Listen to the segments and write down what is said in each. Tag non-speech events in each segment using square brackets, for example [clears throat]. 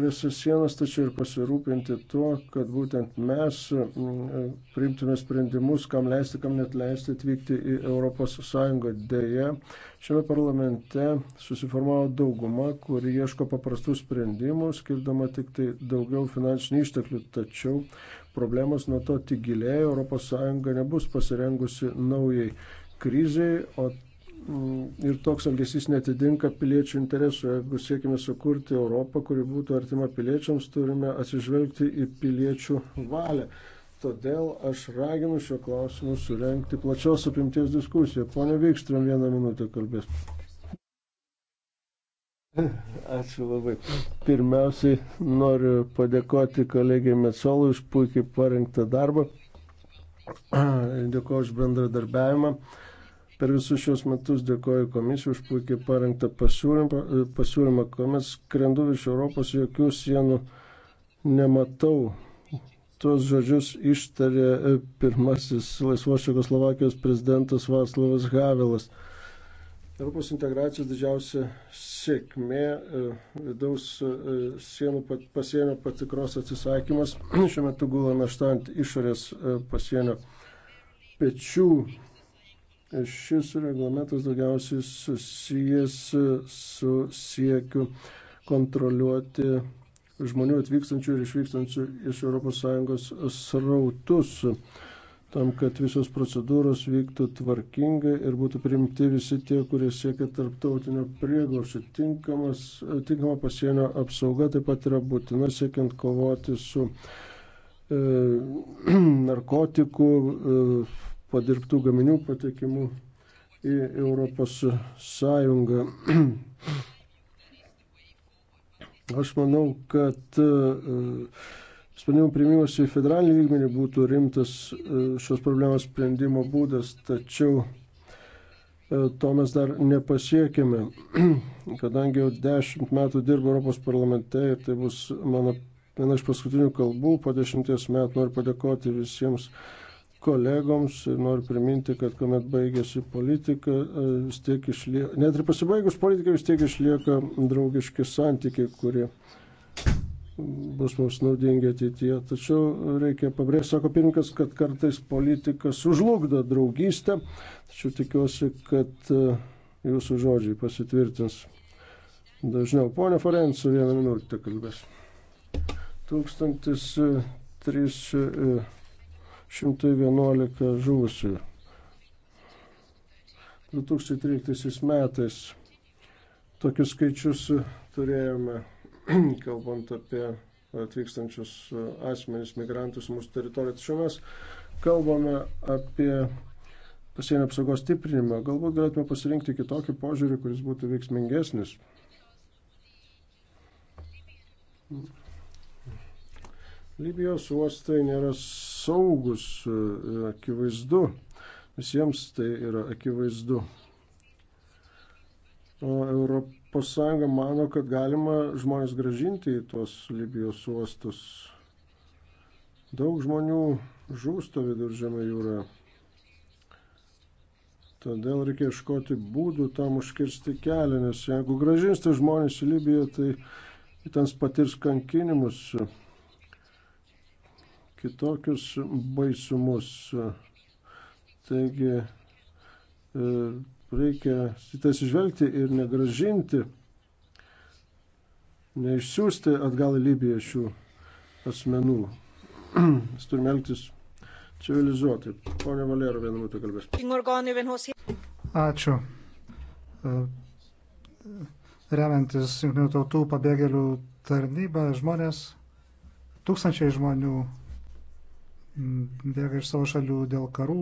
visas sienas, tačiau ir pasirūpinti tuo, kad būtent mes mm, e, priimtume sprendimus, kam leisti, kam net leisti atvykti į ES. Deja, šiame parlamente susiformavo dauguma, kuri ieško paprastų sprendimų, skirdama tik tai daugiau finansinių išteklių, tačiau problemos nuo to tik gilėja, ES nebus pasirengusi naujai kriziai, o Mm, ir toks elgesys netitinka piliečių interesų. Jeigu siekime sukurti Europą, kuri būtų artima piliečiams, turime atsižvelgti į piliečių valią. Todėl aš raginu šio klausimu surenkti plačios apimties diskusiją. Pone Vykstram vieną minutę kalbės. Ačiū labai. Pirmiausiai noriu padėkoti kolegijai Metsolui už puikiai parengtą darbą. Dėkuoju už bendradarbiavimą. Per visus šios metus dėkoju komisijai už puikiai parengtą pasiūlymą, e, pasiūlymą kuomet skrendu iš Europos, jokių sienų nematau. Tuos žodžius ištarė e, pirmasis laisvos Čekoslovakijos prezidentas Vaslavas Havelas. Europos integracijos didžiausia sėkmė e, vidaus sienų pasienio patikros atsisakymas [clears throat] šiuo metu gula naštant išorės pasienio pečių Šis reglamentas daugiausiai susijęs su siekiu kontroliuoti žmonių atvykstančių ir išvykstančių iš ES srautus, tam, kad visos procedūros vyktų tvarkingai ir būtų priimti visi tie, kurie siekia tarptautinio prieglaušio. Tinkama pasienio apsauga taip pat yra būtina siekiant kovoti su e, [clears throat] narkotikų. E, padirbtų gaminių patekimu į Europos Sąjungą. [clears throat] Aš manau, kad e, sprendimų priimimas į federalinį lygmenį būtų rimtas e, šios problemos sprendimo būdas, tačiau e, to mes dar nepasiekime, [clears throat] kadangi jau dešimt metų dirbu Europos parlamente ir tai bus mano viena iš paskutinių kalbų, po dešimties metų noriu padėkoti visiems kolegoms ir noriu priminti, kad kuomet baigėsi politika, e, vis tiek išlieka, net ir pasibaigus politika, vis tiek išlieka draugiški santykiai, kurie bus mums naudingi ateityje. Tačiau reikia pabrėžti, sako pirmininkas, kad kartais politika sužlugdo draugystę, tačiau tikiuosi, kad e, jūsų žodžiai pasitvirtins dažniau. Pone Forensu, vieną minutę kalbės. 1300 111 žuvusių. 2013 metais tokius skaičius turėjome, [clears throat] kalbant apie atvykstančius asmenys, migrantus mūsų teritorijoje. Tačiau mes kalbame apie pasienio apsaugos stiprinimą. Galbūt galėtume pasirinkti kitokį požiūrį, kuris būtų veiksmingesnis. Libijos uostai nėra saugus, e, akivaizdu. Visiems tai yra akivaizdu. O ES mano, kad galima žmonės gražinti į tuos Libijos uostus. Daug žmonių žūsta viduržėme jūroje. Todėl reikia iškoti būdų tam užkirsti kelią, nes jeigu gražinsite žmonės į Libiją, tai ten patirs kankinimus kitokius baisumus. Taigi e, reikia tas išvelgti ir negražinti, neišsiųsti atgal į Libiją šių asmenų. Mes turime elgtis civilizuotai. Pone Valero, vieną minutę kalbės. Ačiū. E, remiantis Junktinių tautų pabėgėlių tarnybą, žmonės, tūkstančiai žmonių Mm, bėga iš savo šalių dėl karų,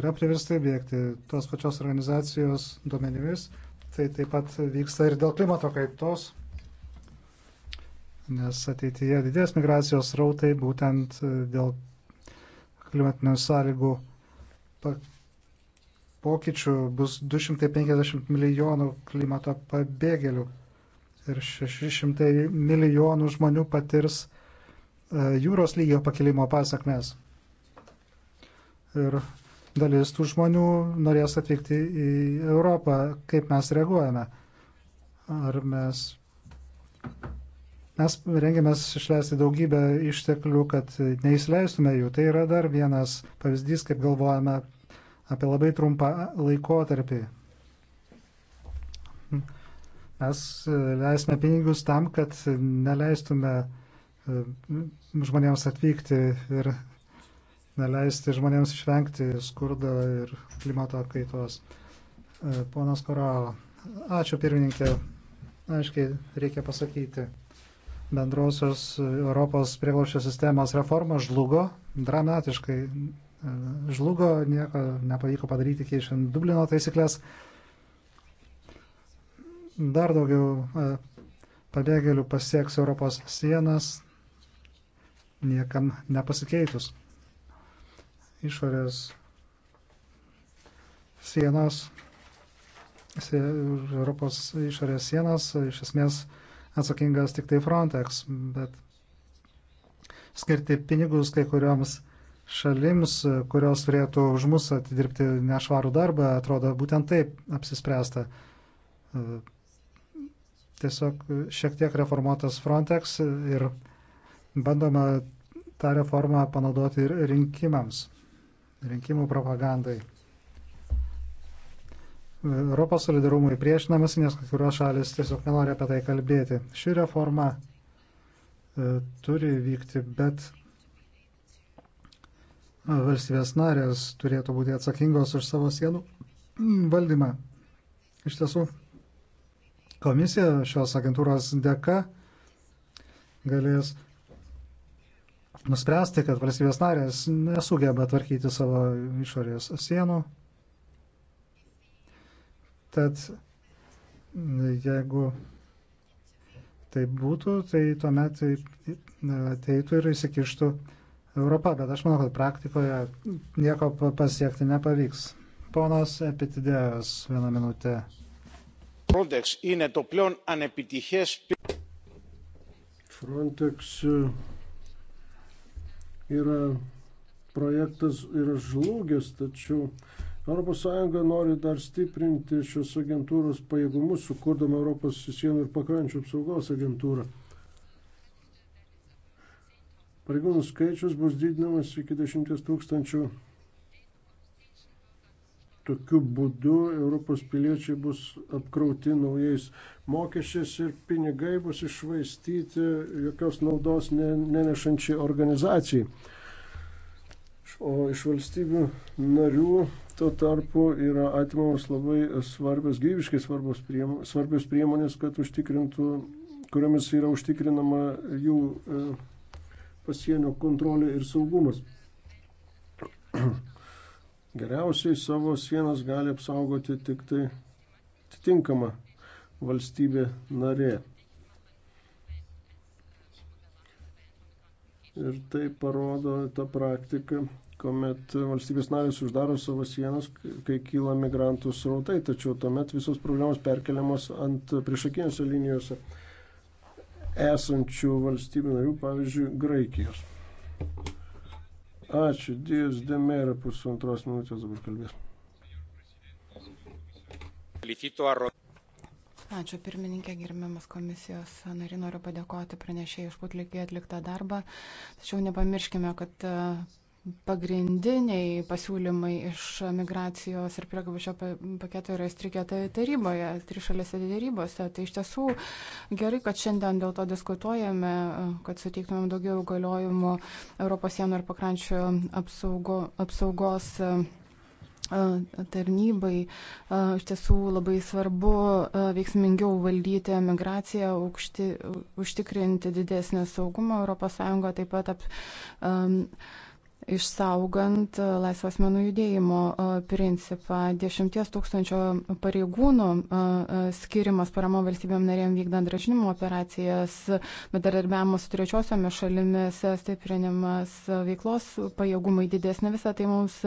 yra priverstai bėgti. Tos pačios organizacijos duomenimis tai taip pat vyksta ir dėl klimato kaitos, nes ateityje didės migracijos rautai būtent e, dėl klimatinių sąlygų pokyčių bus 250 milijonų klimato pabėgėlių ir 600 milijonų žmonių patirs E, jūros lygio pakilimo pasakmes. Ir dalis tų žmonių norės atvykti į Europą, kaip mes reaguojame. Ar mes. Mes rengiamės išleisti daugybę išteklių, kad neįsileistume jų. Tai yra dar vienas pavyzdys, kaip galvojame apie labai trumpą laikotarpį. Mes leisime pinigus tam, kad neleistume uh, E, žmonėms atvykti ir neleisti žmonėms išvengti skurdo ir klimato kaitos. E, ponas Koralo, ačiū pirmininkė, aiškiai reikia pasakyti, bendrosios Europos prieglaušio sistemos reforma žlugo dramatiškai, e, žlugo, nieko nepavyko padaryti keičiant Dublino taisyklės. Dar daugiau pabėgėlių pasieks Europos sienas, niekam nepasikeitus. Išorės sienos, Europos išorės sienos, iš esmės atsakingas tik tai Frontex, bet skirti pinigus kai kurioms šalims, kurios turėtų už mus atidirbti nešvarų darbą, atrodo būtent taip apsispręsta. Tiesiog šiek tiek reformuotas Frontex ir bandoma tą reformą panaudoti ir rinkimams, rinkimų propagandai. Europos solidarumui priešinamas, nes kai kurios šalis tiesiog nenori apie tai kalbėti. Ši reforma e, turi vykti, bet e, valstybės narės turėtų būti atsakingos už savo sienų valdymą. Iš tiesų, komisija šios agentūros dėka galės nuspręsti, kad valstybės narės nesugeba tvarkyti savo išorės sienų. Tad jeigu tai būtų, tai tuomet tai ateitų ir įsikištų Europa, bet aš manau, kad praktikoje nieko pasiekti nepavyks. Ponas Epitidėjos vieną minutę. Frontex είναι το πλέον ανεπιτυχές... Frontex yra projektas yra žlugęs, tačiau ES nori dar stiprinti šios agentūros pajėgumus, sukurdama Europos sienų ir pakrančių apsaugos agentūrą. Pareigūnų skaičius bus didinamas iki 10 tūkstančių Tokiu būdu Europos piliečiai bus apkrauti naujais mokesčiais ir pinigai bus išvaistyti jokios naudos nenešančiai organizacijai. O iš valstybių narių tuo tarpu yra atimamos labai svarbios, gyviškai svarbios, priemo, svarbios priemonės, kad užtikrintų, kuriamis yra užtikrinama jų e, pasienio kontrolė ir saugumas. Geriausiai savo sienas gali apsaugoti tik tai atitinkama valstybė narė. Ir tai parodo tą praktiką, kuomet valstybės narės uždaro savo sienas, kai kyla migrantų srautai, tačiau tuomet visos problemos perkeliamos ant priešakinėse linijose esančių valstybių narių, pavyzdžiui, Graikijos. Ačiū, Dijas Demera, pusantros minutės dabar kalbės. Ačiū pirmininkė, gerbiamas komisijos nariai, noriu padėkoti pranešėjai už putlygį atliktą darbą. Tačiau nepamirškime, kad pagrindiniai pasiūlymai iš migracijos ir prieglaudžio paketo yra įstrigę taryboje, trišalėse dėrybose. Tai iš tiesų gerai, kad šiandien dėl to diskutuojame, kad suteiktumėm daugiau galiojimų Europos sienų ir pakrančių apsaugo, apsaugos e, tarnybai. E, iš tiesų labai svarbu e, veiksmingiau valdyti migraciją, aukšti, užtikrinti didesnį saugumą ES, taip pat ap, um, išsaugant e, laisvo asmenų judėjimo e, principą. Dešimties tūkstančio pareigūnų e, skirimas parama valstybėm narėm vykdant rašinimo operacijas, bedarbiavimas su trečiosiomis šalimis, stiprinimas veiklos pajėgumai didesnė, visą tai mums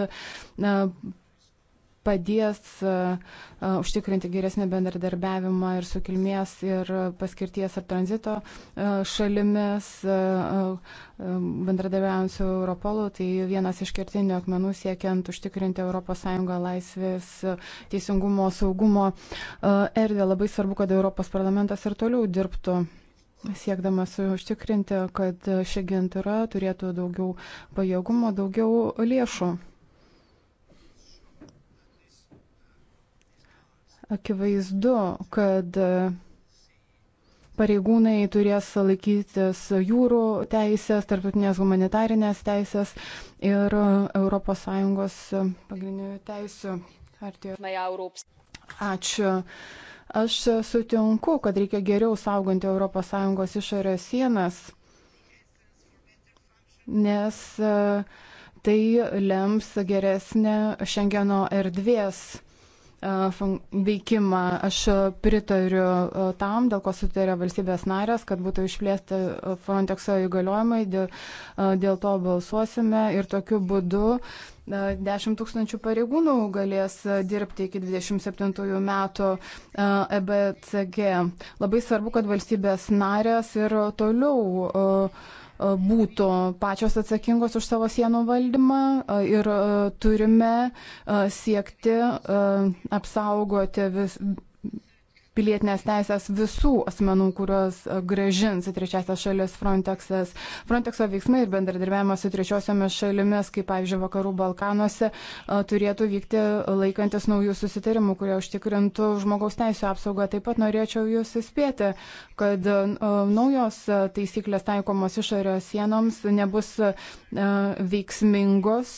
padės e, e, užtikrinti geresnį bendradarbiavimą ir su kilmės, ir paskirties ar tranzito e, šalimis, bendradarbiavant su Europolu. Tai vienas iš kertinių akmenų siekiant užtikrinti ES laisvės, teisingumo, saugumo erdvę. Labai svarbu, kad Europos parlamentas ir toliau dirbtų siekdamas užtikrinti, kad ši agentūra turėtų daugiau pajėgumo, daugiau lėšų. Akivaizdu, kad e, pareigūnai turės laikytis jūrų teisės, tarptautinės humanitarinės teisės ir ES pagrindinių teisų. Ačiū. Aš sutinku, kad reikia geriau sauganti ES išorės sienas, nes e, tai lems geresnę Šengeno erdvės E, veikimą. Aš pritariu e, tam, dėl ko sutarė valstybės narės, kad būtų išplėsti e, Frontexo įgaliojimai, dėl, dėl to balsuosime ir tokiu būdu 10 tūkstančių pareigūnų galės dirbti iki 27 metų EBCG. Labai svarbu, kad valstybės narės ir toliau E, būtų pačios atsakingos už savo sienų valdymą e, ir e, turime siekti apsaugoti vis, pilietinės teisės visų asmenų, kuriuos e, gražins į trečiasias šalis Frontexas. Frontexo veiksmai ir bendradarbiavimas su trečiosiomis šalimis, kaip pavyzdžiui Vakarų Balkanuose, e, turėtų vykti laikantis naujų susitarimų, kurie užtikrintų žmogaus teisų apsaugą. Taip pat norėčiau Jūs įspėti, kad e, naujos taisyklės taikomos išorės sienoms nebus veiksmingos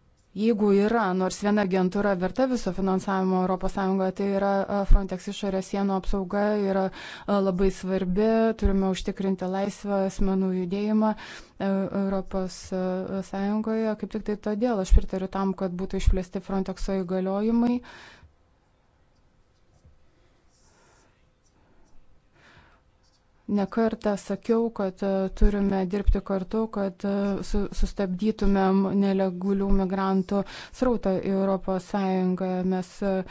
Jeigu yra nors viena agentūra verta viso finansavimo ES, tai yra Frontex išorės sienų apsauga yra labai svarbi, turime užtikrinti laisvą asmenų judėjimą ES, kaip tik tai todėl aš pritariu tam, kad būtų išplėsti Frontexo įgaliojimai Nekartą sakiau, kad e, turime dirbti kartu, kad e, sustabdytumėm nelegalių migrantų srautą į ES. Mes e,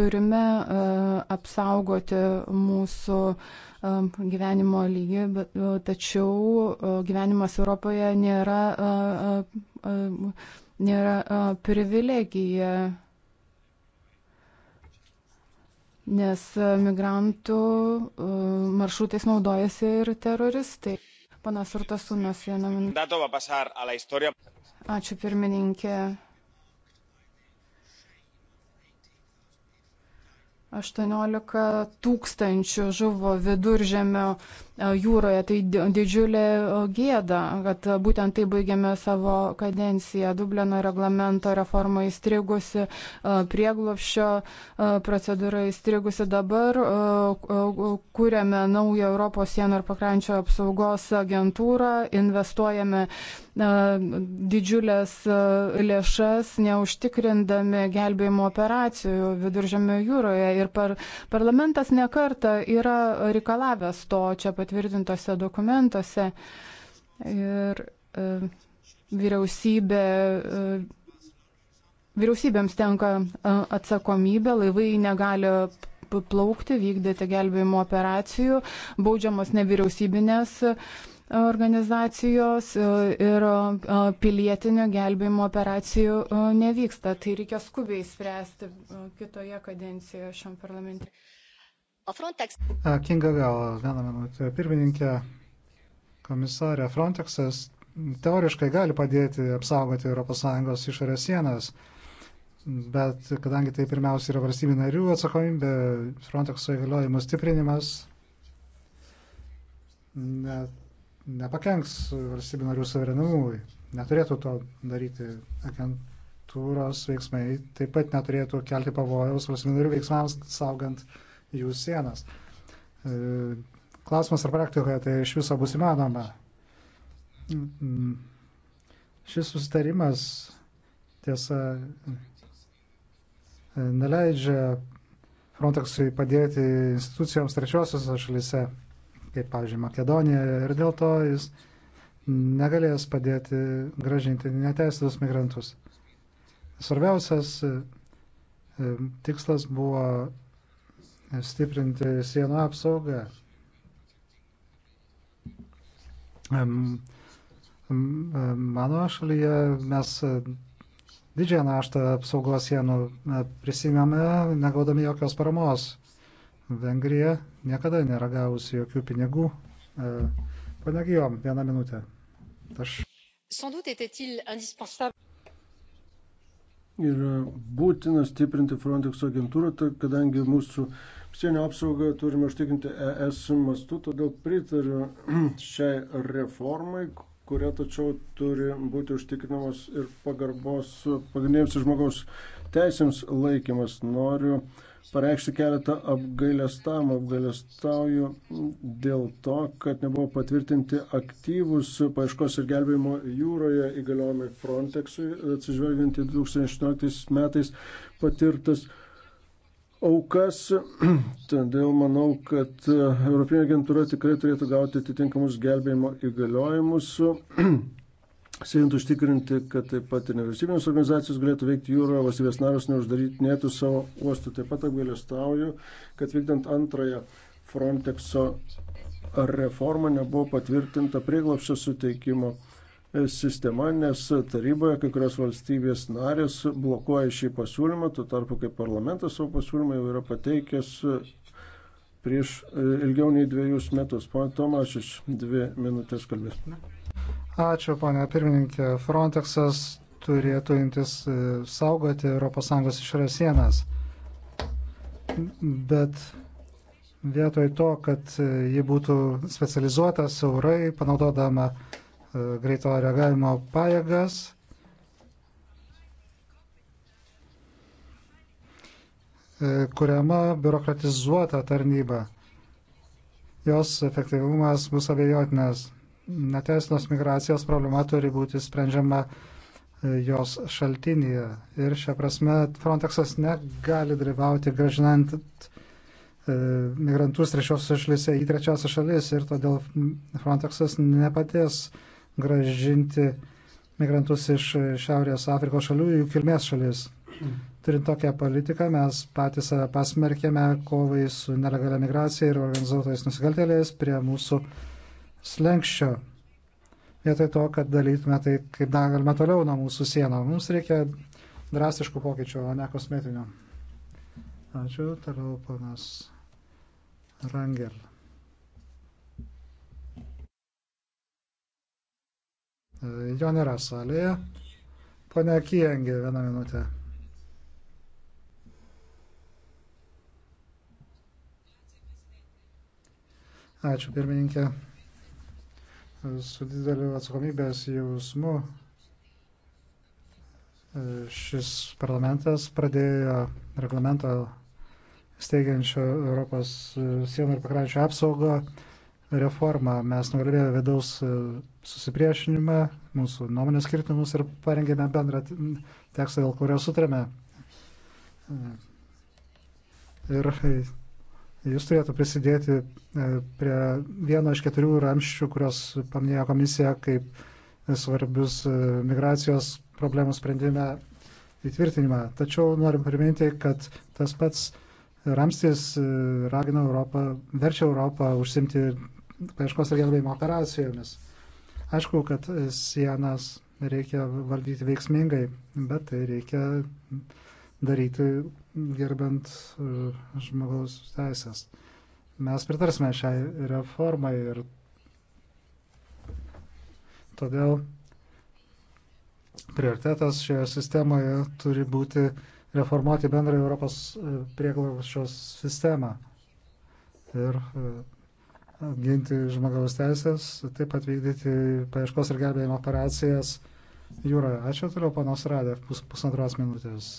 turime apsaugoti mūsų gyvenimo lygį, tačiau gyvenimas Europoje nėra, nėra privilegija nes e, migrantų e, maršrutais naudojasi ir teroristai. Panas Urtasunas vieną minutę. Ačiū pirmininkė. 18 tūkstančių žuvo viduržėmio jūroje. Tai didžiulė gėda, kad būtent tai baigėme savo kadenciją. Dublino reglamento reforma įstrigusi, prieglopščio procedūra įstrigusi. Dabar kūrėme naują Europos sienų ir pakrančio apsaugos agentūrą, investuojame didžiulės lėšas, neužtikrindami gelbėjimo operacijų viduržėmio jūroje. Ir par, parlamentas nekarta yra reikalavęs to čia pat patvirtintose dokumentuose. Ir e, vyriausybė e, Vyriausybėms tenka e, atsakomybė, laivai negali plaukti, vykdyti gelbėjimo operacijų, baudžiamos nevyriausybinės organizacijos ir pilietinio gelbėjimo operacijų nevyksta. Tai reikia skubiai spręsti kitoje kadencijoje šiam parlamente. Frontex... Kinga Gala, vieną minutę. Pirmininkė, komisarė, Frontexas teoriškai gali padėti apsaugoti ES išorės sienas, bet kadangi tai pirmiausia yra valstybių narių atsakomybė, Frontexo įgaliojimų stiprinimas ne, nepakenks valstybių narių suverenumui. Neturėtų to daryti agentūros veiksmai, taip pat neturėtų kelti pavojaus valstybių narių veiksmams saugant jų sienas. E, klausimas ar praktikoje tai iš viso bus įmanoma. Mm. Šis susitarimas tiesa neleidžia Frontexui padėti institucijoms trečiosiose šalise, kaip pavyzdžiui Makedonijoje, ir dėl to jis negalės padėti gražinti neteisėtus migrantus. Svarbiausias e, tikslas buvo stiprinti sienų apsaugą. Mano šalyje mes didžiąją naštą apsaugos sienų e, prisimėme, negaudami jokios paramos. Vengrija niekada nėra gavusi jokių pinigų. E, Pane Gijom, vieną minutę. Aš. Yra būtina stiprinti Frontex agentūrą, kadangi mūsų uh, Sienio apsaugą turime užtikrinti ES mastu, todėl pritariu [clears throat] šiai reformai, kuria tačiau turi būti užtikrinamos ir pagarbos pagrindiniams žmogaus teisėms laikymas. Noriu pareikšti keletą apgailestavimų. Apgailestauju dėl to, kad nebuvo patvirtinti aktyvus paieškos ir gelbėjimo jūroje įgaliojimai Frontexui, atsižvelgiant į 2018 metais patirtas aukas, [clears throat] todėl manau, kad e, Europinė agentūra tikrai turėtų gauti atitinkamus gelbėjimo įgaliojimus, [clears throat] siekiant užtikrinti, kad taip pat ir nevyriausybinės organizacijos galėtų veikti jūroje, valstybės naros neuždarytinėtų savo uostų. Taip pat apgailestauju, kad vykdant antrąją Frontexo reformą nebuvo patvirtinta prieglapščio suteikimo sistema, nes taryboje kai kurios valstybės narės blokuoja šį pasiūlymą, tuo tarpu kaip parlamentas savo pasiūlymą jau yra pateikęs prieš e, ilgiau nei dviejus metus. Pane Tomašiš, dvi minutės kalbės. Ačiū, pane pirmininkė. Frontexas turėtų imtis e, saugoti ES išorės sienas. Bet vietoj to, kad e, ji būtų specializuota, saurai, panaudodama uh, greito reagavimo pajėgas. E, kuriama biurokratizuota tarnyba. Jos efektyvumas bus abejotinas. Neteisinos migracijos problema turi būti sprendžiama e, jos šaltinėje. Ir šią prasme Frontexas negali dalyvauti gražinant e, migrantus trečiosios šalyse į trečiosios šalis ir todėl Frontexas nepaties gražinti migrantus iš Šiaurės Afrikos šalių į jų kilmės šalis. Turint tokią politiką, mes patys save pasmerkėme kovai su nelegalia migracija ir organizuotais nusikaltėliais prie mūsų slengščio. Vietoj to, kad dalytume tai, kaip galime toliau nuo mūsų sieno. Mums reikia drastiškų pokyčių, o ne kosmetinių. Ačiū, toliau panas Rangel. Jo nėra salėje. Pone Kiengi, vieną minutę. Ačiū pirmininkė. Su dideliu atsakomybės jausmu e, šis parlamentas pradėjo reglamento steigiančio Europos sienų ir pakrančio apsaugą reformą. Mes nugalėjome vidaus e, susipriešinimą, mūsų nuomonės skirtumus ir parengėme bendrą tekstą, dėl kurio sutrėme. E, ir e, jis turėtų prisidėti prie vieno iš keturių ramščių, kurios paminėjo komisija kaip svarbius migracijos problemų sprendime įtvirtinimą. Tačiau norim priminti, kad tas pats ramstis ragina Europą, verčia Europą užsimti paieškos ir gelbėjimo operacijomis. Aišku, kad sienas reikia valdyti veiksmingai, bet tai reikia daryti gerbent uh, žmogaus teisės. Mes pritarsime šiai reformai ir todėl prioritetas šioje sistemoje turi būti reformuoti bendrą Europos uh, prieglašos sistemą ir uh, ginti žmogaus teisės, taip pat vykdyti paieškos ir gelbėjimo operacijas jūroje. Ačiū toliau, panos Radė, pus, pusantros minutės.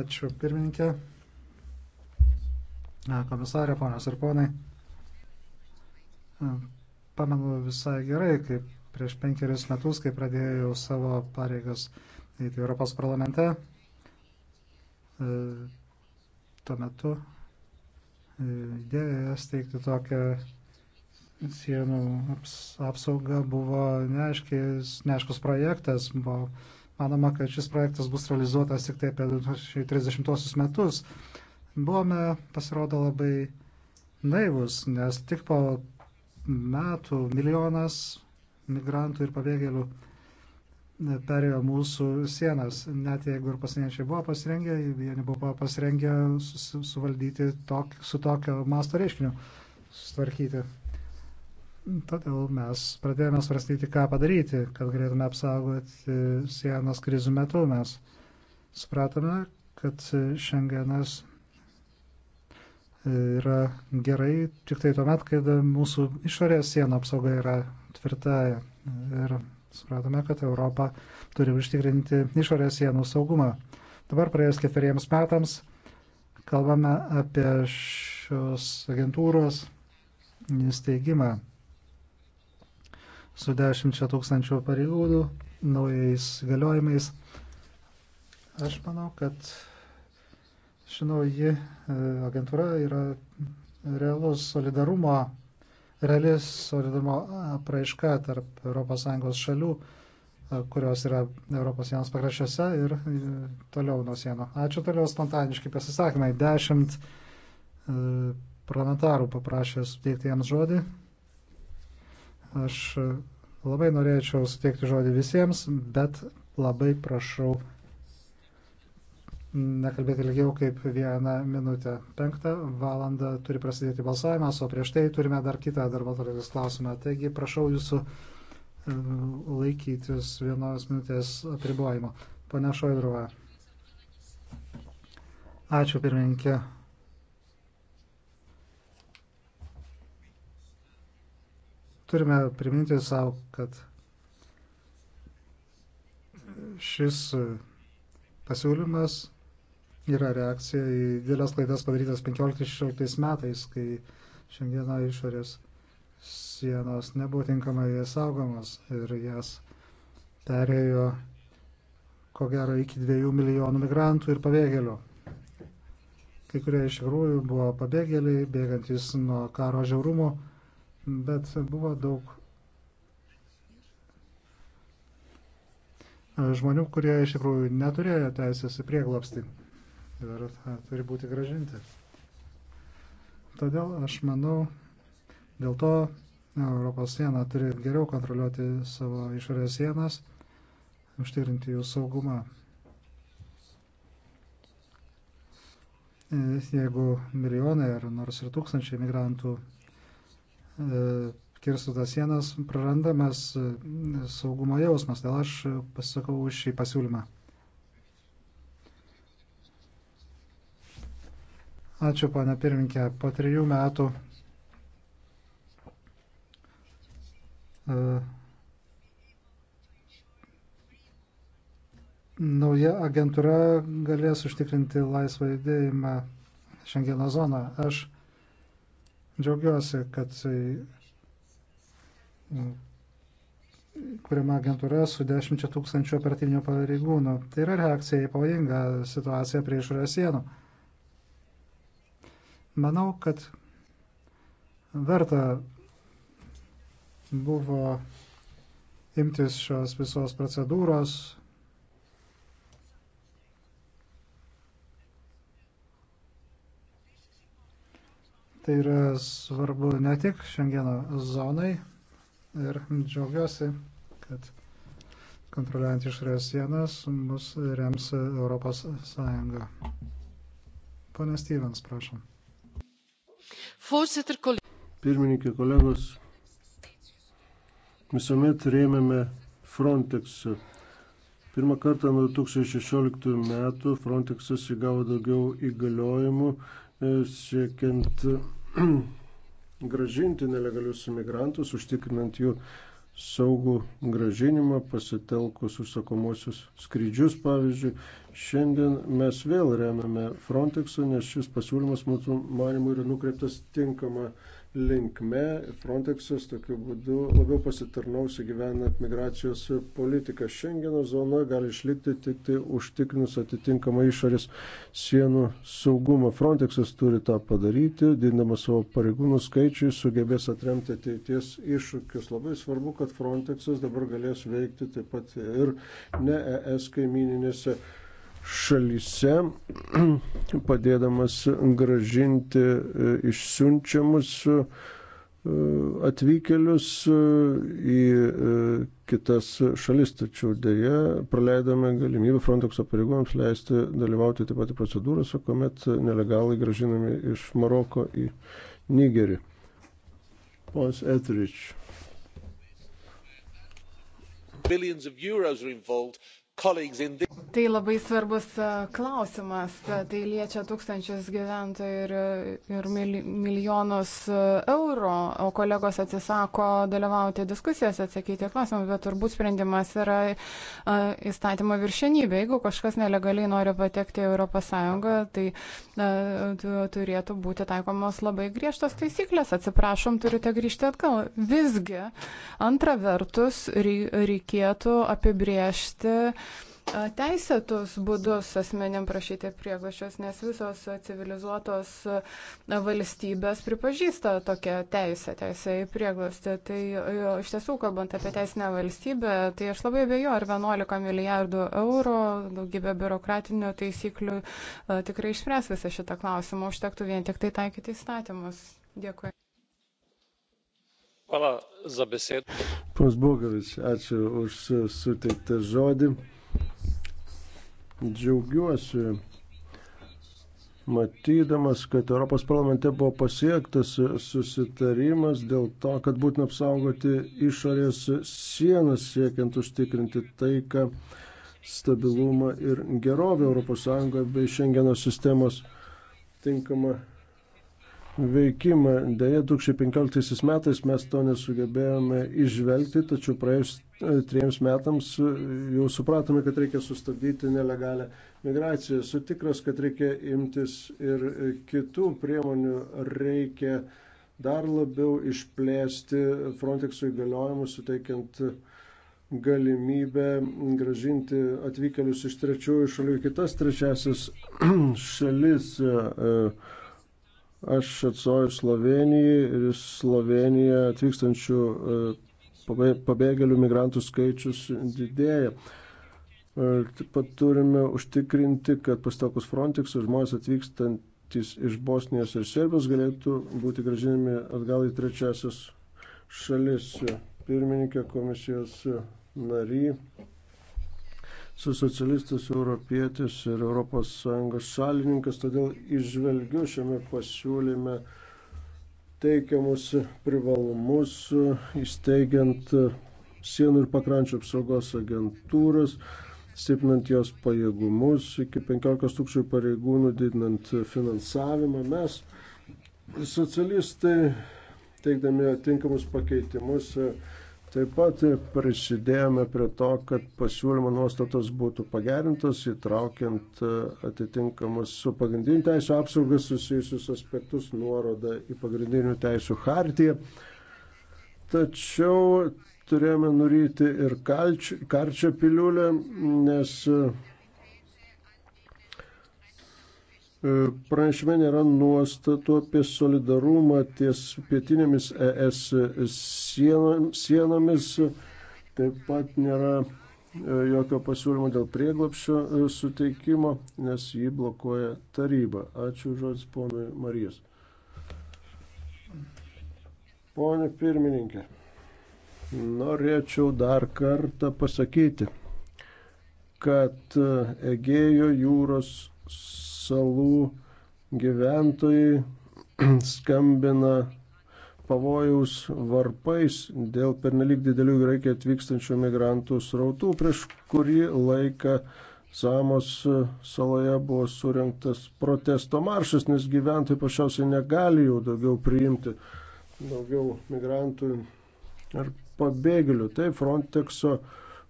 Ačiū, pirmininkė. Komisarė, ponios ir ponai. Pamenu visai gerai, kaip prieš penkerius metus, kai pradėjau savo pareigas į Europos parlamente. E, tuo metu idėja steigti tokią sienų apsauga buvo neaiškis, neaiškus projektas. Buvo manoma, kad šis projektas bus realizuotas tik tai apie 2030 metus. Buvome, pasirodo, labai naivus, nes tik po metų milijonas migrantų ir pabėgėlių perėjo mūsų sienas. Net jeigu ir pasieniečiai buvo pasirengę, jie nebuvo pasirengę suvaldyti tok, su tokio masto reiškiniu, sutvarkyti. Todėl mes pradėjome svarstyti, ką padaryti, kad galėtume apsaugoti sienas krizių metu. Mes supratome, kad šiandienas e, yra gerai tik tai tuomet, kai mūsų išorės sienų apsauga yra tvirta ir Supratome, kad Europa turi užtikrinti išorės sienų saugumą. Dabar praėjus ketveriems metams kalbame apie šios agentūros įsteigimą su dešimčia tūkstančių pareigūnų, naujais galiojimais. Aš manau, kad ši nauji e, agentūra yra realus solidarumo reali solidarumo apraiška tarp ES šalių, kurios yra Europos sienos pakraščiuose ir e, toliau nuo sienų. Ačiū toliau spontaniškai pasisakymai. Dešimt e, parlamentarų paprašė suteikti jiems žodį. Aš e, labai norėčiau suteikti žodį visiems, bet labai prašau nekalbėti ilgiau kaip vieną minutę. Penktą valandą turi prasidėti balsavimas, o prieš tai turime dar kitą darbo tvarkos klausimą. Taigi prašau jūsų e, laikytis vienos minutės apribojimo. Pane Šoidrova. Ačiū pirmininkė. Turime priminti savo, kad šis pasiūlymas yra reakcija į didelės klaidas padarytas 15-16 metais, kai šiandieną išorės sienos nebuvo tinkamai saugomos ir jas perėjo ko gero iki 2 milijonų migrantų ir pabėgėlių. Kai kurie iš tikrųjų buvo pabėgėliai, bėgantis nuo karo žiaurumų, bet buvo daug žmonių, kurie iš tikrųjų neturėjo teisės į prieglopstį ir turi būti gražinti. Todėl aš manau, dėl to Europos siena turi geriau kontroliuoti savo išorės sienas, užtikrinti jų saugumą. E, jeigu milijonai ar nors ir tūkstančiai migrantų e, kirstų tas sienas, prarandamas e, saugumo jausmas. Dėl aš pasisakau už šį pasiūlymą. Ačiū, pana pirminkė. Po trijų metų uh, nauja agentūra galės užtikrinti laisvą judėjimą Šengeno zoną. Aš džiaugiuosi, kad mm, kuriama agentūra su 10 tūkstančių operatyvinių pareigūnų. Tai yra reakcija į pavojingą situaciją prie išorės sienų. Manau, kad verta buvo imtis šios visos procedūros. Tai yra svarbu ne tik šiandieno zonai ir džiaugiuosi, kad kontroliuojant išorės sienas mus rems Europos Sąjunga. Pone Stevens, prašom. Pirmininkė kolegos, visuomet rėmėme Frontex. Pirmą kartą nuo 2016 metų Frontexas įgavo daugiau įgaliojimų e, siekiant [clears throat] gražinti nelegalius imigrantus, užtikrinant jų saugų gražinimą, pasitelkus užsakomosius skrydžius, pavyzdžiui. Šiandien mes vėl remiame Frontexą, nes šis pasiūlymas mūsų manimų yra nukreiptas tinkama linkme. Frontexas tokiu būdu labiau pasitarnaus įgyvenant migracijos politiką. Šengeno zona gali išlikti tik tai užtikrinus atitinkamą išorės sienų saugumą. Frontexas turi tą padaryti, didinamas savo pareigūnų skaičiui, sugebės atremti ateities iššūkius. Labai svarbu, kad Frontexas dabar galės veikti taip pat ir ne ES kaimininėse šalyse, [clears throat] padėdamas gražinti e, išsiunčiamus e, atvykėlius e, į kitas šalis, tačiau dėja praleidome galimybę Frontex pareigūnams leisti dalyvauti taip pat procedūrose, kuomet nelegalai gražinami iš Maroko į Nigerį. Ponas Etrič. Billions of euros are involved Tai labai svarbus e, klausimas. Tai liečia tūkstančius gyventojų ir, ir milijonus e, eurų, o kolegos atsisako dalyvauti diskusijose, atsakyti klausimus, bet turbūt sprendimas yra e, įstatymo viršenybė. Jeigu kažkas nelegaliai nori patekti į ES, tai turėtų būti taikomos labai griežtos taisyklės. Atsiprašom, turite grįžti atgal. Visgi, antra vertus, reikėtų apibriežti, teisėtus būdus asmenim prašyti prieglašios, nes visos civilizuotos valstybės pripažįsta tokią teisę, teisę į prieglastį. Tai iš tiesų, kalbant apie teisinę valstybę, tai aš labai abejoju, ar 11 milijardų eurų, daugybė biurokratinių taisyklių tikrai išspręs visą šitą klausimą, užtektų vien tik tai taikyti įstatymus. Dėkui. Hvala za besedo. Pons Bogovič, ačiū už suteiktą žodį. Džiaugiuosi matydamas, kad Europos parlamente buvo pasiektas susitarimas dėl to, kad būtina apsaugoti išorės sienas siekiant užtikrinti taiką, stabilumą ir gerovę ES bei Šengeno sistemos tinkamą veikimą. Deja, 2015 metais mes to nesugebėjome išvelgti, tačiau praėjus e, triems metams e, jau supratome, kad reikia sustabdyti nelegalę migraciją. Sutikras, kad reikia imtis ir kitų priemonių, reikia dar labiau išplėsti Frontex įgaliojimus, suteikiant galimybę gražinti atvykėlius iš trečiųjų šalių į kitas trečiasis [clears throat] šalis. E, e, Aš atsvoju Slovenijai ir į Sloveniją atvykstančių e, pabėgėlių migrantų skaičius didėja. E, taip pat turime užtikrinti, kad pastokus Frontex žmonės atvykstantis iš Bosnijos ir Serbijos galėtų būti gražinami atgal į trečiasis šalis. Pirmininkė komisijos nary su socialistas, europietis ir ES šalininkas, todėl išvelgiu šiame pasiūlyme teikiamus privalumus įsteigiant sienų ir pakrančių apsaugos agentūras, stiprinant jos pajėgumus, iki 15 tūkstančių pareigūnų didinant finansavimą. Mes, socialistai, teikdami atinkamus pakeitimus, Taip pat prisidėjome prie to, kad pasiūlymo nuostatos būtų pagerintos, įtraukiant e, atitinkamas su pagrindiniu teisų apsaugas susijusius aspektus nuorodą į pagrindinių teisų hartiją. Tačiau turėjome nuryti ir kalč, karčią piliulę, nes E, pranešime nėra nuostatų apie solidarumą ties pietinėmis ES sienomis, taip pat nėra e, jokio pasiūlymo dėl prieglapščio e, suteikimo, nes jį blokuoja taryba. Ačiū žodis ponui Marijas. Pone pirmininkė, norėčiau dar kartą pasakyti, kad Egėjo jūros salų gyventojai [clears throat] skambina pavojaus varpais dėl pernelyg didelių į Graikiją atvykstančių migrantų srautų. Prieš kurį laiką Samos saloje buvo surinktas protesto maršas, nes gyventojai pašiausiai negali jau daugiau priimti daugiau migrantų ar pabėgėlių. Tai Frontexo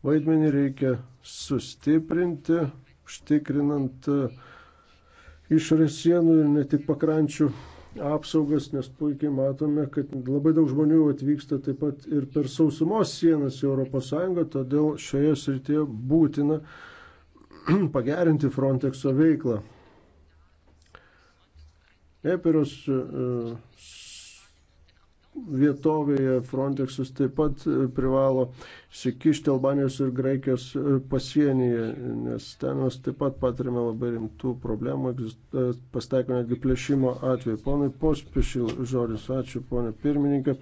vaidmenį reikia sustiprinti, užtikrinant uh, išorės sienų ir ne tik pakrančių apsaugas, nes puikiai matome, kad labai daug žmonių atvyksta taip pat ir per sausumos sienas į ES, todėl šioje srityje būtina [clears throat] pagerinti Frontexo veiklą. Epiros e, vietovėje Frontexas taip pat e, privalo sikišti Albanijos ir Graikijos e, pasienyje, nes ten mes taip pat patirime labai rimtų problemų, e, pasteiko netgi plėšimo atveju. Ponai Pospešil žodis, ačiū ponė pirmininkė.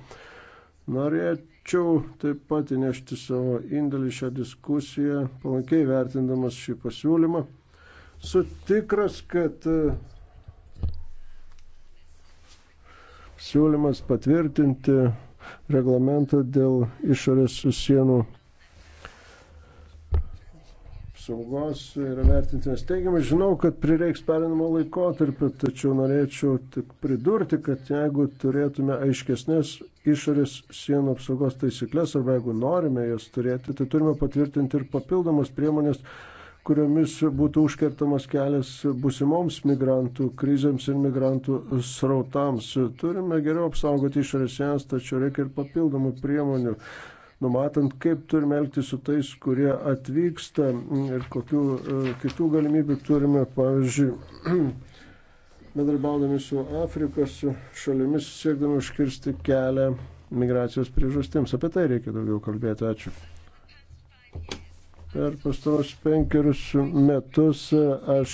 Norėčiau taip pat įnešti savo indėlį šią diskusiją, palankiai vertindamas šį pasiūlymą. Sutikras, kad siūlymas patvirtinti reglamentą dėl išorės sienų apsaugos yra vertintinas teigiamai. Žinau, kad prireiks perinamo laikotarpio, tačiau norėčiau tik pridurti, kad jeigu turėtume aiškesnės išorės sienų apsaugos taisyklės arba jeigu norime jas turėti, tai turime patvirtinti ir papildomas priemonės kuriomis būtų užkertamas kelias busimoms migrantų krizėms ir migrantų srautams. Turime geriau apsaugoti išorės sienas, tačiau reikia ir papildomų priemonių, numatant, kaip turime elgti su tais, kurie atvyksta ir kokių e, kitų galimybių turime, pavyzdžiui, [clears throat] bendarbiaudami su Afrikos šalimis, siekdami užkirsti kelią migracijos priežastims. Apie tai reikia daugiau kalbėti. Ačiū. Per pastaros penkerius metus aš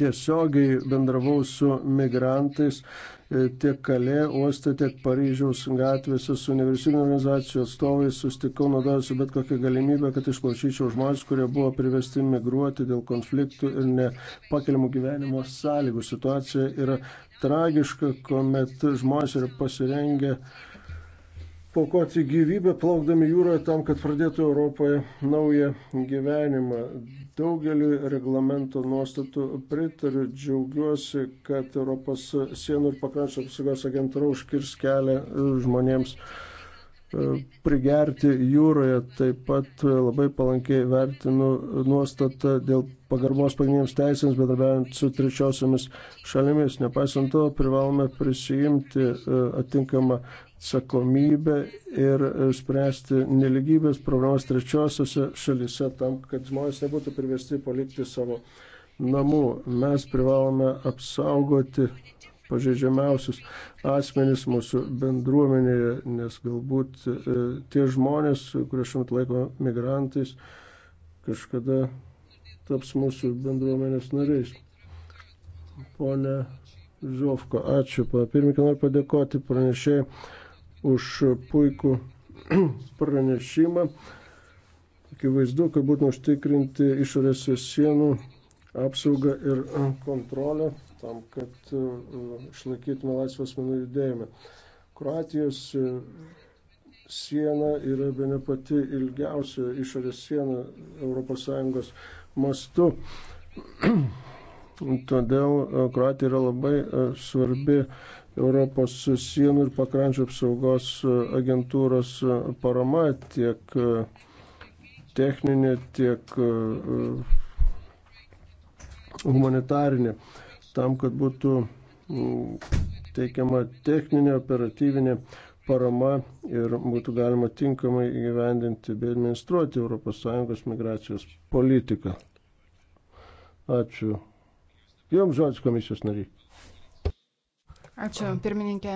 tiesiogiai bendravau su migrantais tiek Kalė uoste, tiek Paryžiaus gatvėse su universitinių organizacijų atstovais sustikau, naudojusi bet kokią galimybę, kad išklausyčiau žmonės, kurie buvo privesti migruoti dėl konfliktų ir nepakeliamų gyvenimo sąlygų. Situacija yra tragiška, kuomet žmonės yra pasirengę uh, paukoti gyvybę plaukdami jūroje tam, kad pradėtų Europoje naują gyvenimą. Daugelį reglamento nuostatų pritariu, džiaugiuosi, kad Europos sienų ir pakrančio apsaugos agentūra užkirs kelią žmonėms e, prigerti jūroje. Taip pat labai palankiai vertinu nuostatą dėl pagarbos pagrindiniams teisėms, bedarbiaujant su trečiosiomis šalimis. Nepaisant to, privalome prisijimti e, atinkamą atsakomybę ir e, spręsti neligybės problemas trečiosiose šalise tam, kad žmonės nebūtų priversti palikti savo namų. Mes privalome apsaugoti pažeidžiamiausius asmenys mūsų bendruomenėje, nes galbūt e, tie žmonės, kurie šiuo metu laiko migrantais, kažkada taps mūsų bendruomenės nariais. Pone Žovko, ačiū. Pirmininkai, noriu padėkoti pranešėjai už puikų [clears throat] pranešimą. Akivaizdu, kad būtina užtikrinti išorės sienų apsaugą ir kontrolę tam, kad e, išlaikytume laisvas menų judėjimą. Kroatijos e, siena yra be ne pati ilgiausia išorės siena ES mastu. [clears throat] Todėl e, Kroatija yra labai svarbi Europos sienų ir pakrančių apsaugos agentūros parama tiek e, techninė, tiek e, humanitarinė, tam, kad būtų mm, teikiama techninė, operatyvinė parama ir būtų galima tinkamai įgyvendinti bei administruoti ES migracijos politiką. Ačiū. Jums žodis komisijos nariai. Ačiū, pirmininkė,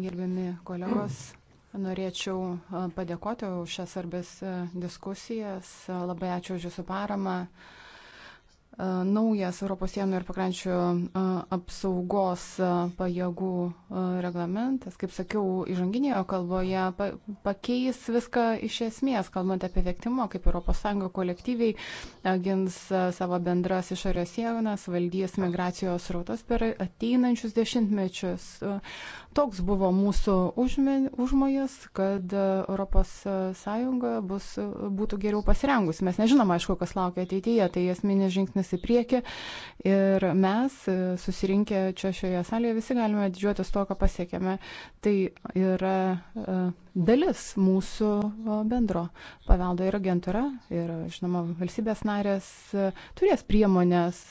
gerbiami kolegos. Norėčiau padėkoti už šias svarbias diskusijas. Labai ačiū už Jūsų paramą naujas Europos sienų ir pakrančių apsaugos pajėgų reglamentas, kaip sakiau, įžanginėje kalboje pa pakeis viską iš esmės, kalbant apie veiktimo, kaip ES kolektyviai gins savo bendras išorės sienas, valdys migracijos rautas per ateinančius dešimtmečius. Toks buvo mūsų užmojas, kad ES bus, būtų geriau pasirengusi. Mes nežinom, aišku, kas laukia ateityje, tai esminis žingsnis žingsnis į priekį ir mes e, susirinkę čia šioje salėje visi galime didžiuotis to, ką pasiekėme. Tai yra e, dalis mūsų bendro paveldo ir agentūra ir, žinoma, valstybės narės e, turės priemonės,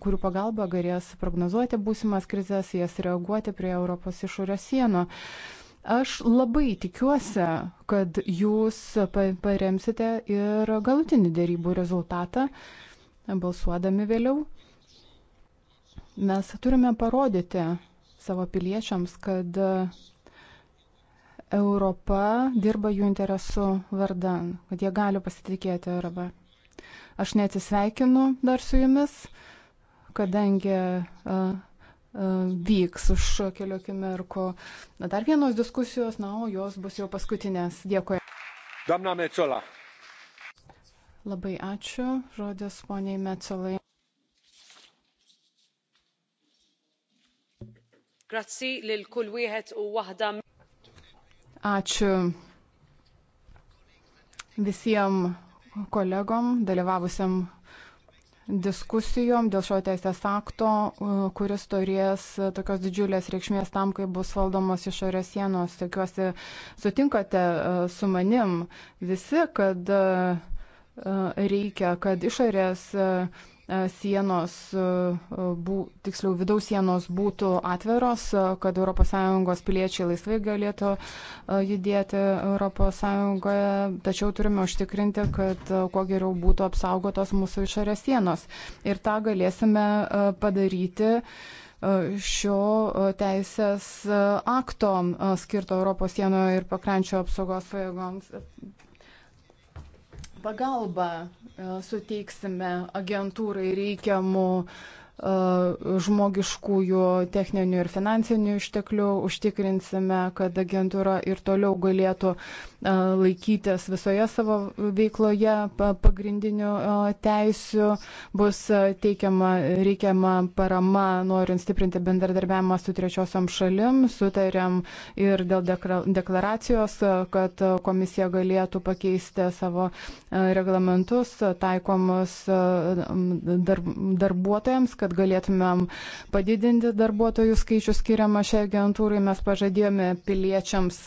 kurių pagalba galės prognozuoti būsimas krizės, jas reaguoti prie Europos išorės sienų. Aš labai tikiuosi, kad jūs paremsite ir galutinį dėrybų rezultatą. Uh, balsuodami vėliau. Mes turime parodyti savo piliečiams, kad Europa dirba jų interesų vardan, kad jie gali pasitikėti Europą. Aš neatsisveikinu dar su jumis, kadangi uh, vyks už kelių akimirko dar vienos diskusijos, na, o jos bus jau paskutinės. Dėkui. Damna Mecola. Labai ačiū. Žodis poniai Metsolai. Grazzi lil kull wieħed u waħda. Ačiū visiems kolegom dalyvavusiam diskusijom dėl šio teisės akto, kuris turės tokios didžiulės reikšmės tam, kaip bus valdomos išorės sienos. Tikiuosi, sutinkate e, su manim visi, kad uh, E, reikia, kad išorės e, e, sienos, bū, tiksliau vidaus sienos būtų atveros, kad ES piliečiai laisvai galėtų judėti ES, tačiau turime užtikrinti, kad kuo geriau būtų apsaugotos mūsų išorės sienos. Ir tą galėsime padaryti šio teisės akto skirto Europos sienoje ir pakrančio apsaugos pajėgoms pagalbą e, suteiksime agentūrai reikiamų e, žmogiškųjų, techninių ir finansinių išteklių, užtikrinsime, kad agentūra ir toliau galėtų laikytis visoje savo veikloje pagrindinių teisių, bus teikiama reikiama parama, norint stiprinti bendradarbiavimą su trečiosiom šalim, sutarėm ir dėl deklaracijos, kad komisija galėtų pakeisti savo reglamentus taikomus darbuotojams, kad galėtumėm padidinti darbuotojų skaičių skiriamą šiai agentūrai. Mes pažadėjome piliečiams,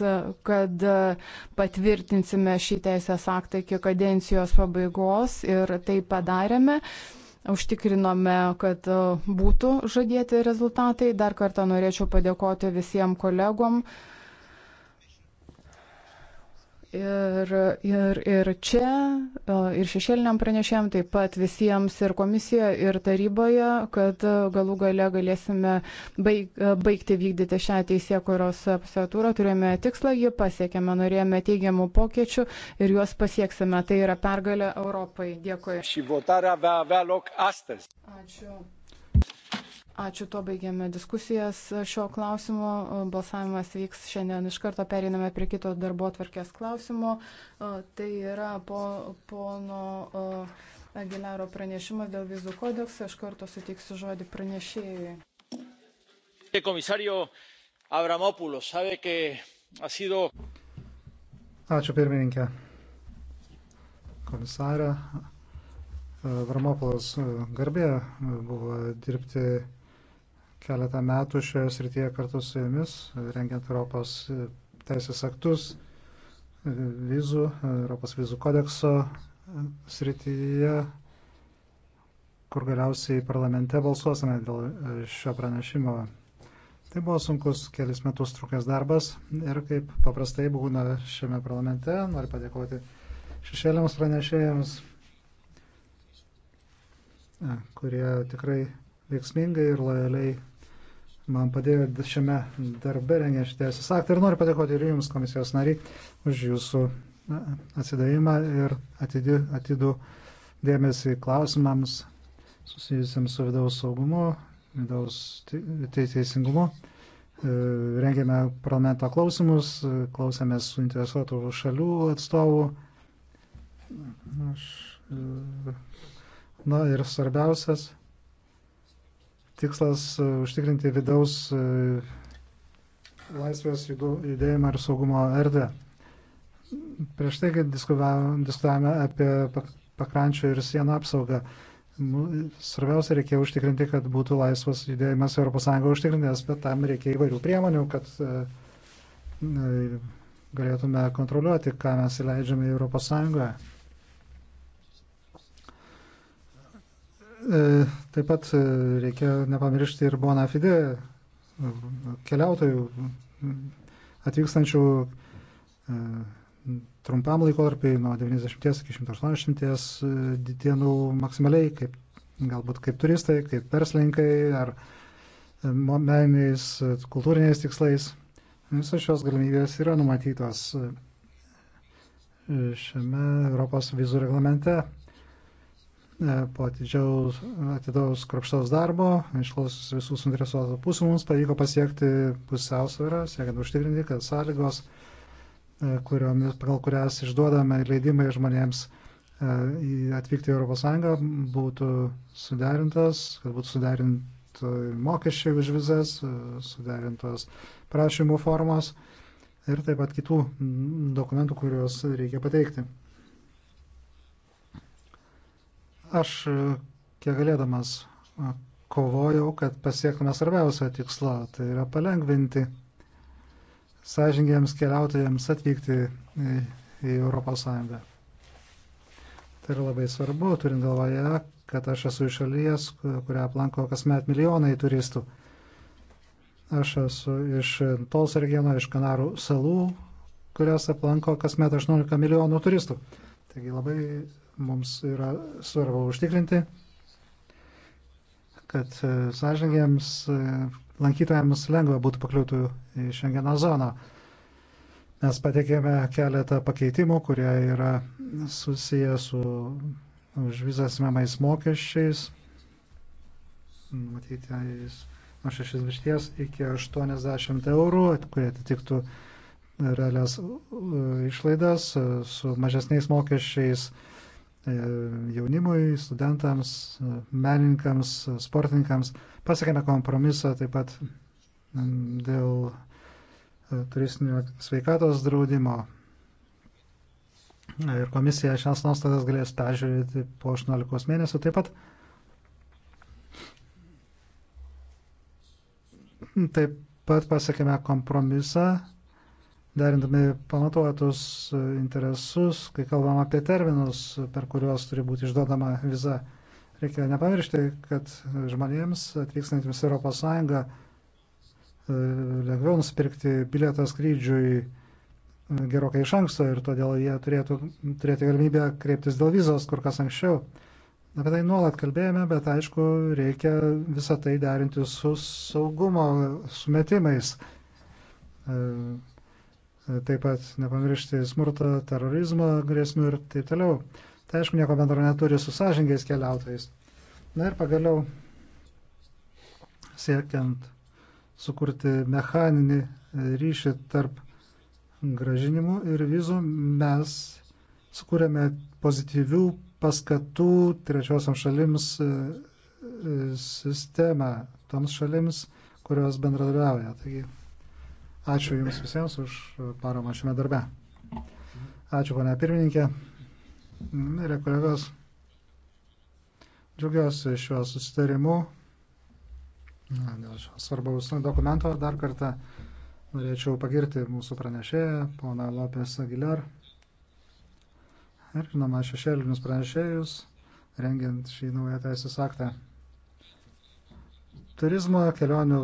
kad padidinti patvirtinsime šį teisės aktą iki kadencijos pabaigos ir tai padarėme. Užtikrinome, kad e, būtų žadėti rezultatai. Dar kartą norėčiau padėkoti visiems kolegom, uh, Ir, ir, ir čia, ir šešėliniam pranešėm, taip pat visiems ir komisijoje, ir taryboje, kad galų gale galėsime baig, baigti vykdyti šią teisėkuros apsatūrą. Turėjome tikslą, jį pasiekėme, norėjome teigiamų pokyčių ir juos pasieksime. Tai yra pergalė Europai. Dėkui. Ačiū. Ačiū, tuo baigiame diskusijas šio klausimo. Balsavimas vyks šiandien. Iš karto periname prie kito darbo atvarkės klausimo. Tai yra po, pono Agilero pranešimas dėl vizų kodekso. Aš karto suteiksiu žodį pranešėjui. Ačiū pirmininkė. Komisarė Varmopolas garbė buvo dirbti keletą metų šioje srityje kartu su jumis, rengiant Europos teisės aktus, vizų, Europos vizų kodekso srityje, kur galiausiai parlamente balsuosime dėl šio pranešimo. Tai buvo sunkus kelis metus trukęs darbas ir kaip paprastai būna šiame parlamente, noriu padėkoti šešėliams pranešėjams, kurie tikrai veiksmingai ir lojaliai man padėjo šiame darbe rengiant šitą teisės aktą ir noriu padėkoti ir Jums, komisijos nariai, už Jūsų atsidavimą ir atidų, atidų dėmesį klausimams susijusiams su vidaus saugumu, vidaus teisingumu. E, rengėme parlamento klausimus, klausėmės suinteresuotų šalių atstovų. Aš, e, na ir svarbiausias Tikslas e, užtikrinti vidaus e, laisvės judėjimą ir saugumo erdvę. Prieš tai, kai diskutavome apie pakrančių ir sienų apsaugą, Svarbiausia, reikia užtikrinti, kad būtų laisvas judėjimas ES užtikrintas, bet tam reikia įvairių priemonių, kad e, galėtume kontroliuoti, ką mes įleidžiame į ES. E, taip pat e, reikia nepamiršti ir Bona Fide e, keliautojų atvykstančių trumpam laikotarpiai nuo 90 iki 180 dienų maksimaliai, kaip, galbūt kaip turistai, kaip verslininkai ar meniniais kultūriniais tikslais. Visos šios galimybės yra numatytos šiame Europos vizų reglamente. E, po atidžiaus, atidaus kruopštaus darbo, išklausus visų suinteresuotų pusių, mums pavyko pasiekti pusiausvyrą, siekiant užtikrinti, kad sąlygos, e, kuriomis, pagal kurias išduodame leidimai žmonėms e, atvykti į ES, būtų suderintas, kad būtų suderinti mokesčiai už vizas, suderintos prašymų formos ir taip pat kitų dokumentų, kuriuos reikia pateikti. Aš kiek galėdamas kovojau, kad pasiektume svarbiausią tikslą, tai yra palengvinti sąžingiems keliautojams atvykti į, į ES. Tai yra labai svarbu, turint galvoje, kad aš esu iš šalies, kurią aplanko kasmet milijonai turistų. Aš esu iš tols regiono, iš Kanarų salų, kurias aplanko kasmet 18 milijonų turistų. Taigi labai mums yra svarbu užtikrinti, kad e, sąžiningiems e, lankytojams lengva būtų pakliūtų į Šengeno zoną. Mes pateikėme keletą pakeitimų, kurie yra susiję su už vizas memais mokesčiais, matytais nuo 60 iki 80 eurų, kurie atitiktų realias e, išlaidas su mažesniais mokesčiais E, jaunimui, studentams, e, menininkams, e, sportininkams. Pasakėme kompromisą taip pat dėl turistinio sveikatos draudimo. Ir komisija šias nuostatas galės peržiūrėti po 18 mėnesių. Taip pat, taip pat pasakėme kompromisą derindami pamatuotus interesus, kai kalbam apie terminus, per kuriuos turi būti išduodama viza. Reikia nepamiršti, kad žmonėms atvykstantiems Europos Sąjungą e, lengviau nusipirkti bilietą skrydžiui e, gerokai iš anksto ir todėl jie turėtų turėti galimybę kreiptis dėl vizos kur kas anksčiau. Apie tai nuolat kalbėjome, bet aišku, reikia visą tai derinti su saugumo sumetimais. E, taip pat nepamiršti smurtą, terorizmą, grėsmių ir taip toliau. Tai aišku, nieko bendro neturi su sąžingais keliautojais. Na ir pagaliau, siekiant sukurti mechaninį ryšį tarp gražinimų ir vizų, mes sukūrėme pozityvių paskatų trečiosiam šalims e, e, sistemą toms šalims, kurios bendradarbiauja. Taigi Ačiū Jums visiems už paramą šiame darbe. Ačiū, ponia pirmininkė. Mėly kolegos, džiaugiuosi šiuo susitarimu dėl šio svarbaus dokumento. Dar kartą norėčiau pagirti mūsų pranešėją, poną Lopės Aguilar. Ir, žinoma, šešėlinius pranešėjus, rengiant šį naują teisės aktą. Turizmo kelionių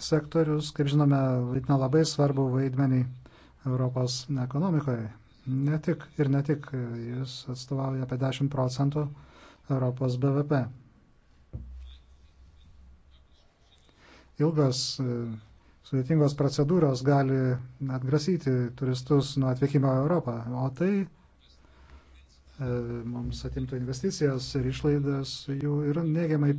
sektorius, kaip žinome, vaidina labai svarbu vaidmenį Europos ekonomikoje. Ne tik ir ne tik, jis atstovauja apie 10 procentų Europos BVP. Ilgos e, sudėtingos procedūros gali atgrasyti turistus nuo atvykimo į Europą, o tai e, mums atimtų investicijas ir išlaidas jų ir neigiamai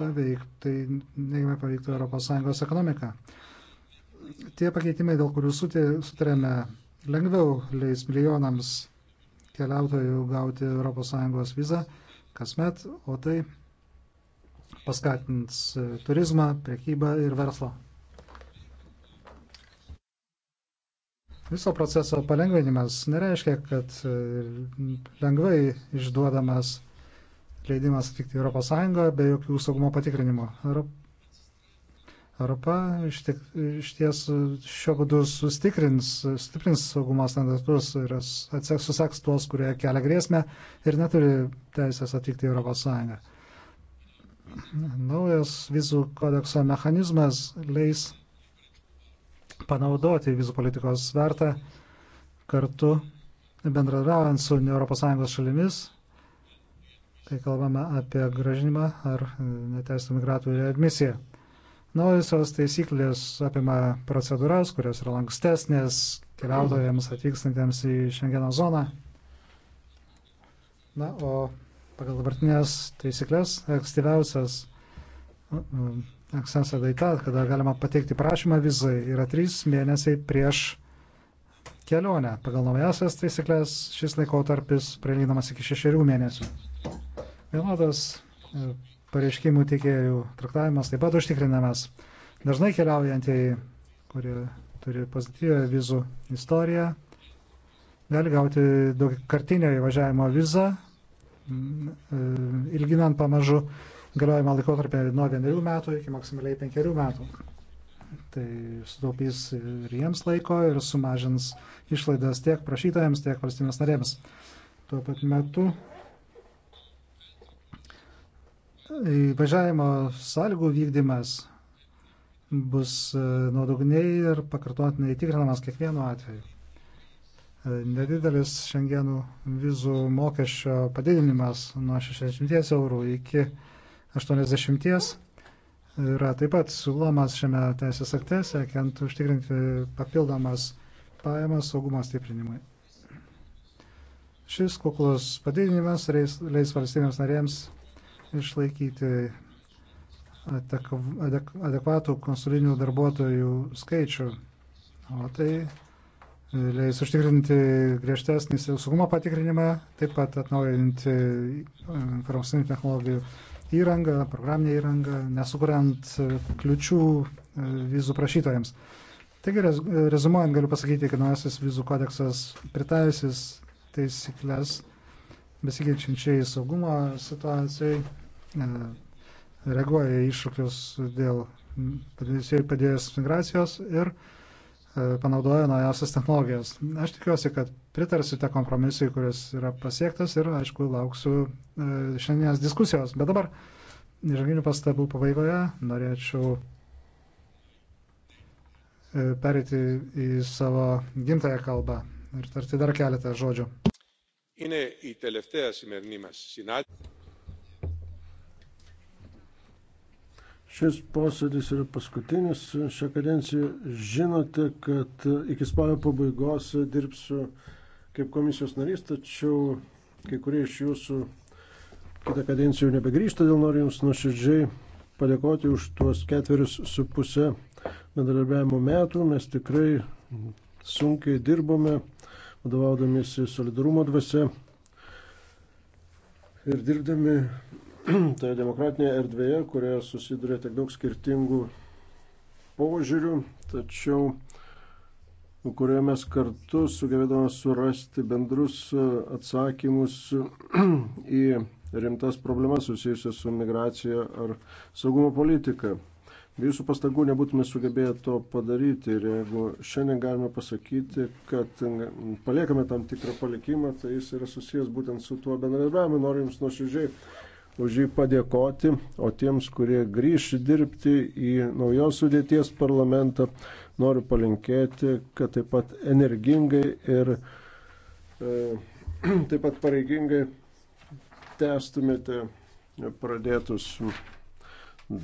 paveiktų, tai neigiamai paveiktų ES ekonomiką. Tie pakeitimai, dėl kurių sutarėme, lengviau leis milijonams keliautojų gauti ES vizą kasmet, o tai paskatins turizmą, prekybą ir verslą. Viso proceso palengvinimas nereiškia, kad lengvai išduodamas leidimas atvykti į ES be jokių saugumo patikrinimo. Europa iš, tiek, iš ties šiuo būdu sustiprins, stiprins saugumo standartus ir atseks suseks tuos, kurie kelia grėsmę ir neturi teisės atvykti į ES. Naujas vizų kodekso mechanizmas leis panaudoti vizų politikos svertą kartu bendradarbiaujant su ES šalimis kai kalbame apie gražinimą ar neteisų migratų readmisiją. Naujosios taisyklės apima procedūras, kurios yra lankstesnės keliautojams atvykstantiems į Šengeno zoną. Na, o pagal dabartinės taisyklės aktyviausias akcenso daita, kada galima pateikti prašymą vizai, yra trys mėnesiai prieš kelionę. Pagal naujasias taisyklės šis laikotarpis prelynamas iki šešerių mėnesių. Vienodas e, pareiškimų teikėjų traktavimas taip pat užtikrinamas. Dažnai keliaujantieji, kurie turi pozityvę vizų istoriją, gali gauti daugkartinio įvažiavimo vizą, e, ilginant pamažu galiojimą laikotarpį nuo vienerių metų iki maksimaliai penkerių metų. Tai sutaupys ir jiems laiko ir sumažins išlaidas tiek prašytojams, tiek valstybės narėms. Tuo pat metu važiavimo sąlygų vykdymas bus e, nuodugniai ir pakartotinai tikrinamas kiekvienu atveju. E, nedidelis šiandienų vizų mokesčio padidinimas nuo 60 eurų iki 80 yra taip pat siūlomas šiame teisės akte, siekiant užtikrinti papildomas pajamas saugumo stiprinimui. Šis kuklus padidinimas leis valstybėms narėms išlaikyti adekvatų konsulinių darbuotojų skaičių. O tai leis užtikrinti griežtesnį saugumo patikrinimą, taip pat atnaujinti e, informacinių technologijų įrangą, programinę įrangą, nesukuriant e, kliučių e, vizų prašytojams. Taigi, rezumuojant, galiu pasakyti, kad naujasis vizų kodeksas pritaisys taisyklės besikeičiančiai saugumo situacijai, e, reaguoja į iššūkius dėl padėjęs migracijos ir e, panaudoja naujausias technologijas. Aš tikiuosi, kad pritarsite kompromisui, kuris yra pasiektas ir, aišku, lauksiu e, šiandienės diskusijos. Bet dabar žanginių pastabų pabaigoje norėčiau perėti į savo gimtąją kalbą ir tarti dar keletą žodžių είναι η τελευταία σημερινή μας συνάντηση. Šis posėdis yra paskutinis šią kadenciją. Žinote, kad iki spalio pabaigos dirbsiu kaip komisijos narys, tačiau kai kurie iš jūsų kitą kadenciją jau nebegrįžta, todėl noriu Jums nuoširdžiai padėkoti už tuos ketverius su pusę bendradarbiavimo metų. Mes tikrai sunkiai dirbome vadovaudamiesi solidarumo dvasia ir dirbdami [clears throat] toje demokratinėje erdvėje, kurioje susiduria tiek daug skirtingų požiūrių, tačiau kurioje mes kartu sugebėdavome surasti bendrus atsakymus [clears throat] į rimtas problemas susijusias su migracija ar saugumo politika. Be jūsų pastangų nebūtume sugebėję to padaryti ir jeigu šiandien galime pasakyti, kad paliekame tam tikrą palikimą, tai jis yra susijęs būtent su tuo bendradarbiavimu. Noriu Jums nuoširdžiai už jį padėkoti, o tiems, kurie grįž dirbti į naujos sudėties parlamentą, noriu palinkėti, kad taip pat energingai ir e, [clears throat] taip pat pareigingai testumėte pradėtus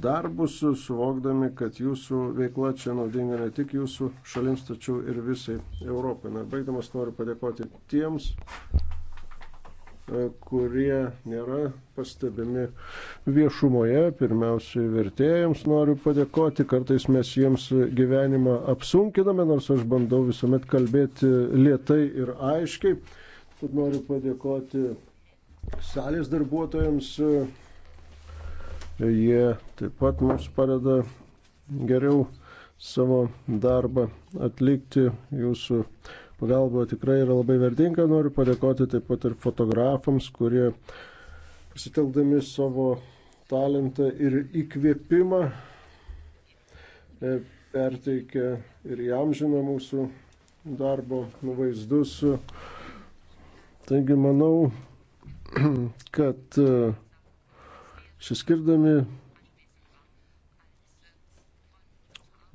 darbus, suvokdami, kad jūsų veikla čia naudinga ne tik jūsų šalims, tačiau ir visai Europai. Na, baigdamas noriu padėkoti tiems, e, kurie nėra pastebimi viešumoje. Pirmiausiai vertėjams noriu padėkoti, kartais mes jiems gyvenimą apsunkiname, nors aš bandau visuomet kalbėti lietai ir aiškiai. Tad noriu padėkoti salės darbuotojams Jie taip pat mums padeda geriau savo darbą atlikti. Jūsų pagalba tikrai yra labai vertinga. Noriu padėkoti taip pat ir fotografams, kurie pasitelkdami savo talentą ir įkvėpimą e, perteikia ir jam žino mūsų darbo vaizdus. Taigi manau, [clears throat] kad e, Išsiskirdami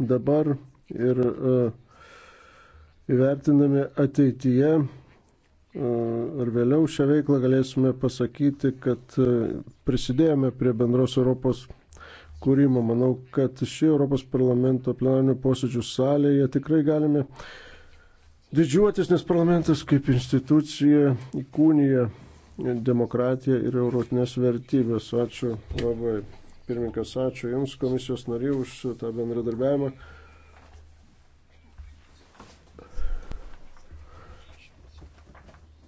dabar ir e, įvertinami ateityje e, ar vėliau šią veiklą galėsime pasakyti, kad e, prisidėjome prie bendros Europos kūrimo. Manau, kad šį Europos parlamento plenarinių posėdžių salėje tikrai galime didžiuotis, nes parlamentas kaip institucija įkūnija demokratiją ir eurotinės vertybės. Ačiū labai. Pirmininkas, ačiū Jums, komisijos nariai, už tą bendradarbiavimą.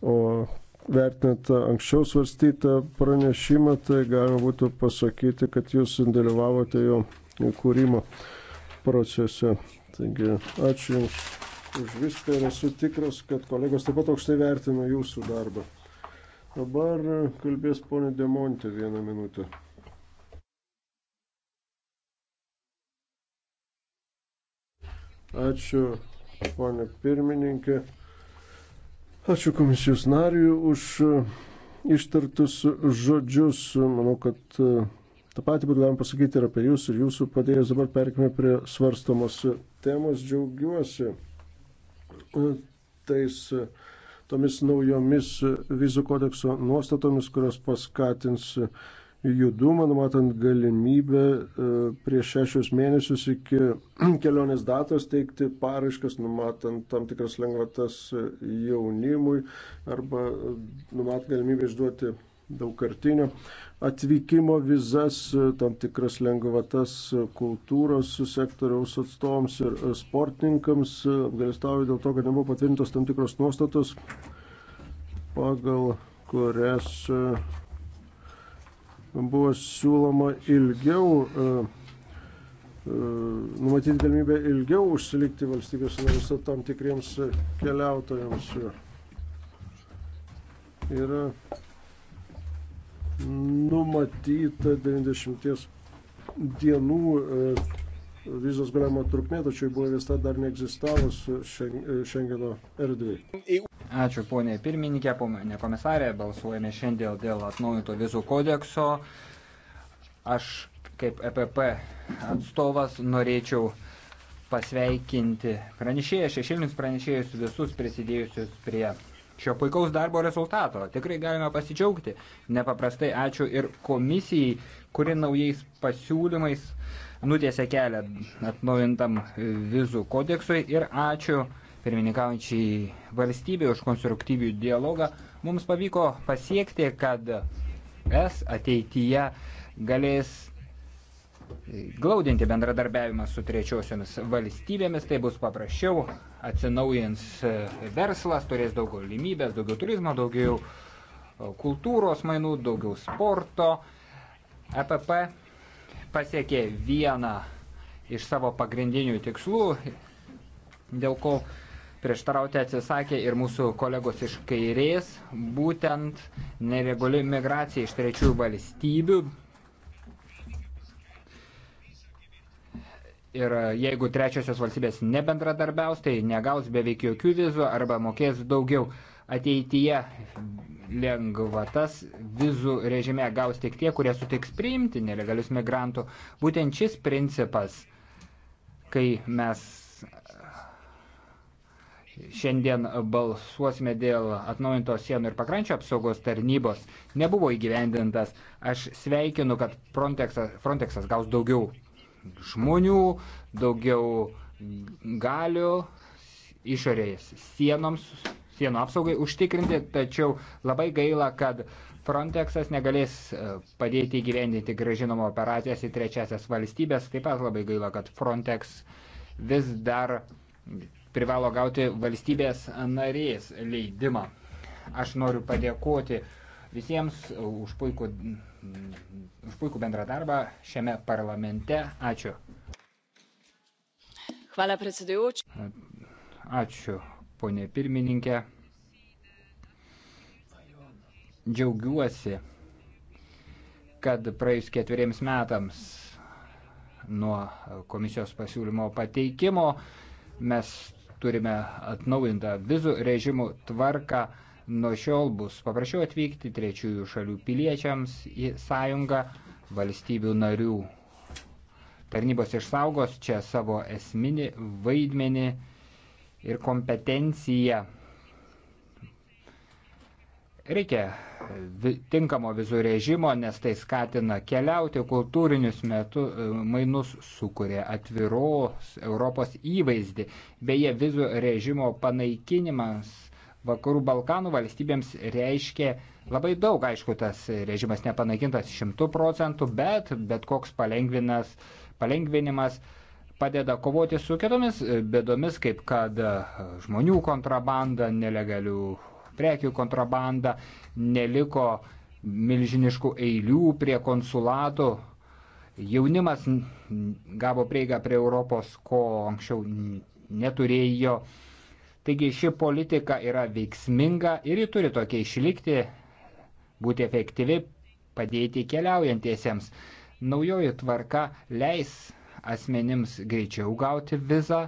O vertinant anksčiau svarstytą pranešimą, tai galima būtų pasakyti, kad Jūs dalyvavote jo kūrimo procese. Taigi, ačiū Jums už viską ir esu tikras, kad kolegos taip pat aukštai vertina Jūsų darbą. Dabar kalbės ponė Demontė vieną minutę. Ačiū, ponė pirmininkė. Ačiū komisijos nariui už ištartus žodžius. Manau, kad e, tą patį būtų galima pasakyti ir apie jūs ir jūsų padėjus. Dabar perkime prie svarstomos temos. Džiaugiuosi e, tais tomis naujomis vizų kodekso nuostatomis, kurios paskatins judumą, numatant galimybę e, prieš šešius mėnesius iki [clears throat] kelionės datos teikti paraiškas, numatant tam tikras lengvatas jaunimui arba numatant galimybę išduoti daugkartinio atvykimo vizas, tam tikras lengvatas kultūros sektoriaus atstovams ir sportininkams. Apgalėstauju dėl to, kad nebuvo patvirtintos tam tikros nuostatos, pagal kurias e, buvo siūloma ilgiau e, e, numatyti galimybę ilgiau užsilikti valstybės narėse tam tikriems keliautojams. Yra numatyta 90 dienų e, vizos galiojimo trukmė, tačiau buvo įvesta dar neegzistavus e, Šengeno erdvėje. Ačiū ponė pirmininkė, ponė komisarė, balsuojame šiandien dėl atnaujinto vizų kodekso. Aš kaip EPP atstovas norėčiau pasveikinti pranešėjus, šešėlinius pranešėjus, visus prisidėjusius prie šio puikaus darbo rezultato. Tikrai galime pasidžiaugti. Nepaprastai ačiū ir komisijai, kuri naujais pasiūlymais nutėse kelią atnaujintam vizų kodeksui ir ačiū pirmininkaujančiai valstybė už konstruktyvių dialogą. Mums pavyko pasiekti, kad es ateityje galės glaudinti bendradarbiavimą su trečiosiomis valstybėmis, tai bus paprasčiau, atsinaujins e, verslas, turės daugiau galimybės, daugiau turizmo, daugiau e, kultūros mainų, daugiau sporto. EPP pasiekė vieną iš savo pagrindinių tikslų, dėl ko prieštarauti atsisakė ir mūsų kolegos iš kairės, būtent nereguliu migracija iš trečiųjų valstybių Ir e, jeigu trečiosios valstybės nebendradarbiaus, tai negaus beveik jokių vizų arba mokės daugiau. Ateityje lengvatas vizų režime gaus tik tie, kurie sutiks priimti nelegalius migrantų. Būtent šis principas, kai mes šiandien balsuosime dėl atnaujintos sienų ir pakrančio apsaugos tarnybos, nebuvo įgyvendintas. Aš sveikinu, kad Frontexas, Frontexas gaus daugiau žmonių, daugiau galių išorės sienoms, sienų apsaugai užtikrinti, tačiau labai gaila, kad Frontexas negalės e, padėti įgyvendinti gražinamo operacijas į trečiasias valstybės. Taip pat labai gaila, kad Frontex vis dar privalo gauti valstybės narės leidimą. Aš noriu padėkoti visiems uh, už puikų, mm, už puikų bendrą darbą šiame parlamente. Ačiū. Hvala predsedujoči. Uh, ačiū, ponė pirmininkė. Džiaugiuosi, kad praėjus ketveriems metams nuo komisijos pasiūlymo pateikimo mes turime atnaujintą vizų režimų tvarką Nuo šiol bus paprasčiau atvykti trečiųjų šalių piliečiams į sąjungą valstybių narių. Tarnybos išsaugos čia savo esminį vaidmenį ir kompetenciją. Reikia tinkamo vizų režimo, nes tai skatina keliauti, kultūrinius metu, e, mainus sukuria atviros Europos įvaizdį. Beje, vizų režimo panaikinimas Vakarų Balkanų valstybėms reiškia labai daug, aišku, tas režimas nepanaikintas šimtų procentų, bet bet koks palengvinimas padeda kovoti su kitomis bėdomis, kaip kad žmonių kontrabanda, nelegalių prekių kontrabanda, neliko milžiniškų eilių prie konsulatų. Jaunimas gavo prieigą prie Europos, ko anksčiau neturėjo. Taigi ši politika yra veiksminga ir ji turi tokia išlikti, būti efektyvi, padėti keliaujantiesiems. Naujoji tvarka leis asmenims greičiau gauti vizą,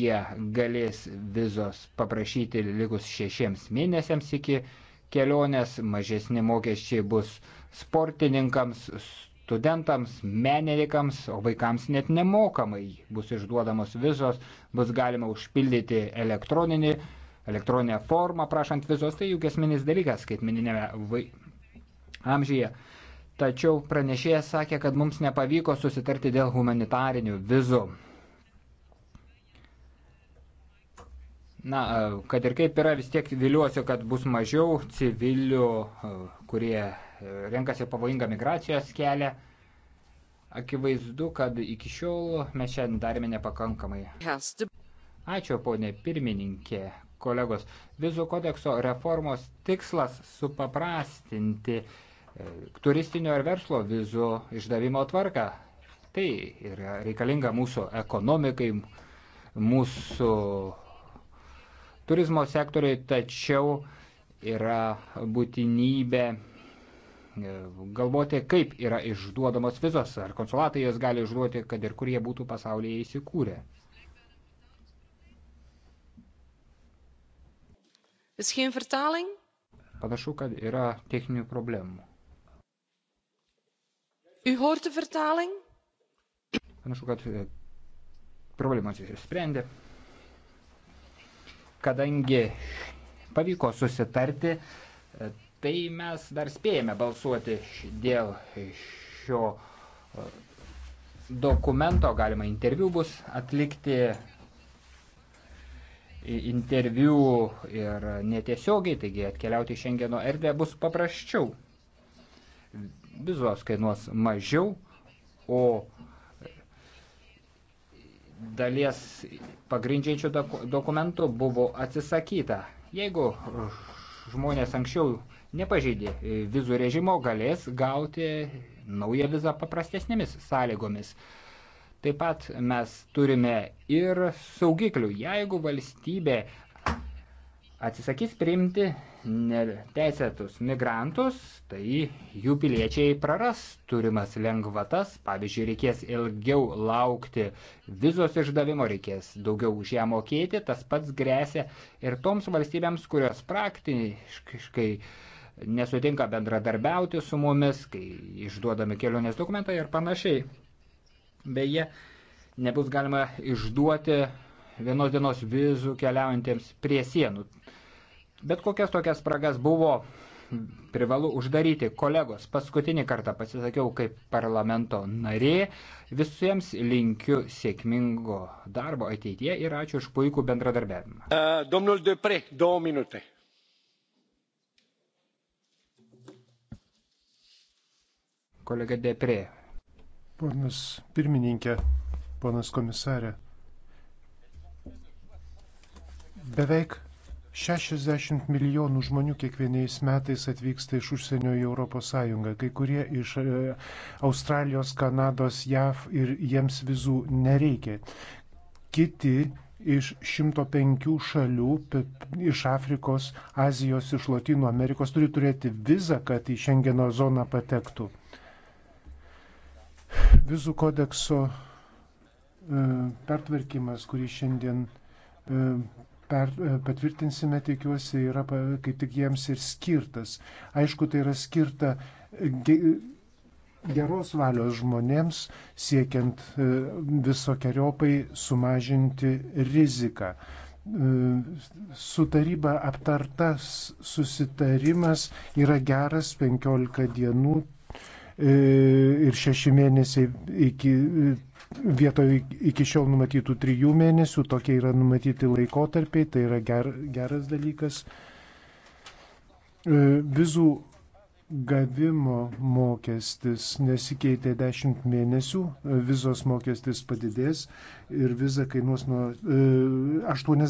jie galės vizos paprašyti likus šešiems mėnesiams iki kelionės, mažesni mokesčiai bus sportininkams, studentams, menininkams, o vaikams net nemokamai bus išduodamos vizos, bus galima užpildyti elektroninį, elektroninę formą prašant vizos, tai juk esminis dalykas skaitmeninėme vai... amžyje. Tačiau pranešėjas sakė, kad mums nepavyko susitarti dėl humanitarinių vizų. Na, kad ir kaip yra, vis tiek viliuosi, kad bus mažiau civilių, kurie renkasi pavojingą migracijos kelią. Akivaizdu, kad iki šiol mes šiandien darėme nepakankamai. Ačiū, ponė pirmininkė, kolegos. Vizų kodekso reformos tikslas supaprastinti e, turistinio ir verslo vizų išdavimo tvarką. Tai yra reikalinga mūsų ekonomikai, mūsų turizmo sektoriai, tačiau yra būtinybė E, galvoti, kaip yra išduodamos vizos, ar konsulatai jas gali išduoti, kad ir kur jie būtų pasaulyje įsikūrę. Is er geen vertaling? Panašu, kad yra techninių problemų. U hoort de vertaling? Panašu, kad e, problemas išsprendė. Kadangi pavyko susitarti, tai mes dar spėjame balsuoti dėl šio e, dokumento, galima interviu bus atlikti, interviu ir netiesiogiai, taigi atkeliauti į Šengeno erdvę bus paprasčiau. Vizos kainuos mažiau, o dalies pagrindžiančių dokumentų buvo atsisakyta. Jeigu žmonės anksčiau nepažeidė e, vizų režimo, galės gauti naują vizą paprastesnėmis sąlygomis. Taip pat mes turime ir saugiklių. Jeigu valstybė atsisakys priimti neteisėtus migrantus, tai jų piliečiai praras turimas lengvatas. Pavyzdžiui, reikės ilgiau laukti vizos išdavimo, reikės daugiau už ją mokėti. Tas pats grėsia ir toms valstybėms, kurios praktiškai nesutinka bendradarbiauti su mumis, kai išduodami kelionės dokumentai ir panašiai. Beje, nebus galima išduoti vienos dienos vizų keliaujantiems prie sienų. Bet kokias tokias spragas buvo privalu uždaryti. Kolegos, paskutinį kartą pasisakiau kaip parlamento narė. Visiems linkiu sėkmingo darbo ateityje ir ačiū už puikų bendradarbiavimą. Uh, Domnul Depre, du minutės. kolega Deprė. Ponas pirmininkė, ponas komisarė. Beveik 60 milijonų žmonių kiekvieniais metais atvyksta iš užsienio į ES, kai kurie iš e, Australijos, Kanados, JAV ir jiems vizų nereikia. Kiti iš 105 šalių, iš Afrikos, Azijos, iš Latino Amerikos turi turėti vizą, kad į Schengeno zoną patektų. Vizų kodekso e, pertvarkymas, kurį šiandien e, per, e, patvirtinsime, tikiuosi, yra kaip tik jiems ir skirtas. Aišku, tai yra skirta geros valios žmonėms, siekiant visokiojopai sumažinti riziką. Su taryba aptartas susitarimas yra geras 15 dienų E, ir šeši mėnesiai iki e, vietoj iki šiol numatytų trijų mėnesių, tokie yra numatyti laikotarpiai, tai yra ger, geras dalykas. E, vizų gavimo mokestis nesikeitė 10 mėnesių, vizos mokestis padidės ir viza kainuos nuo 80.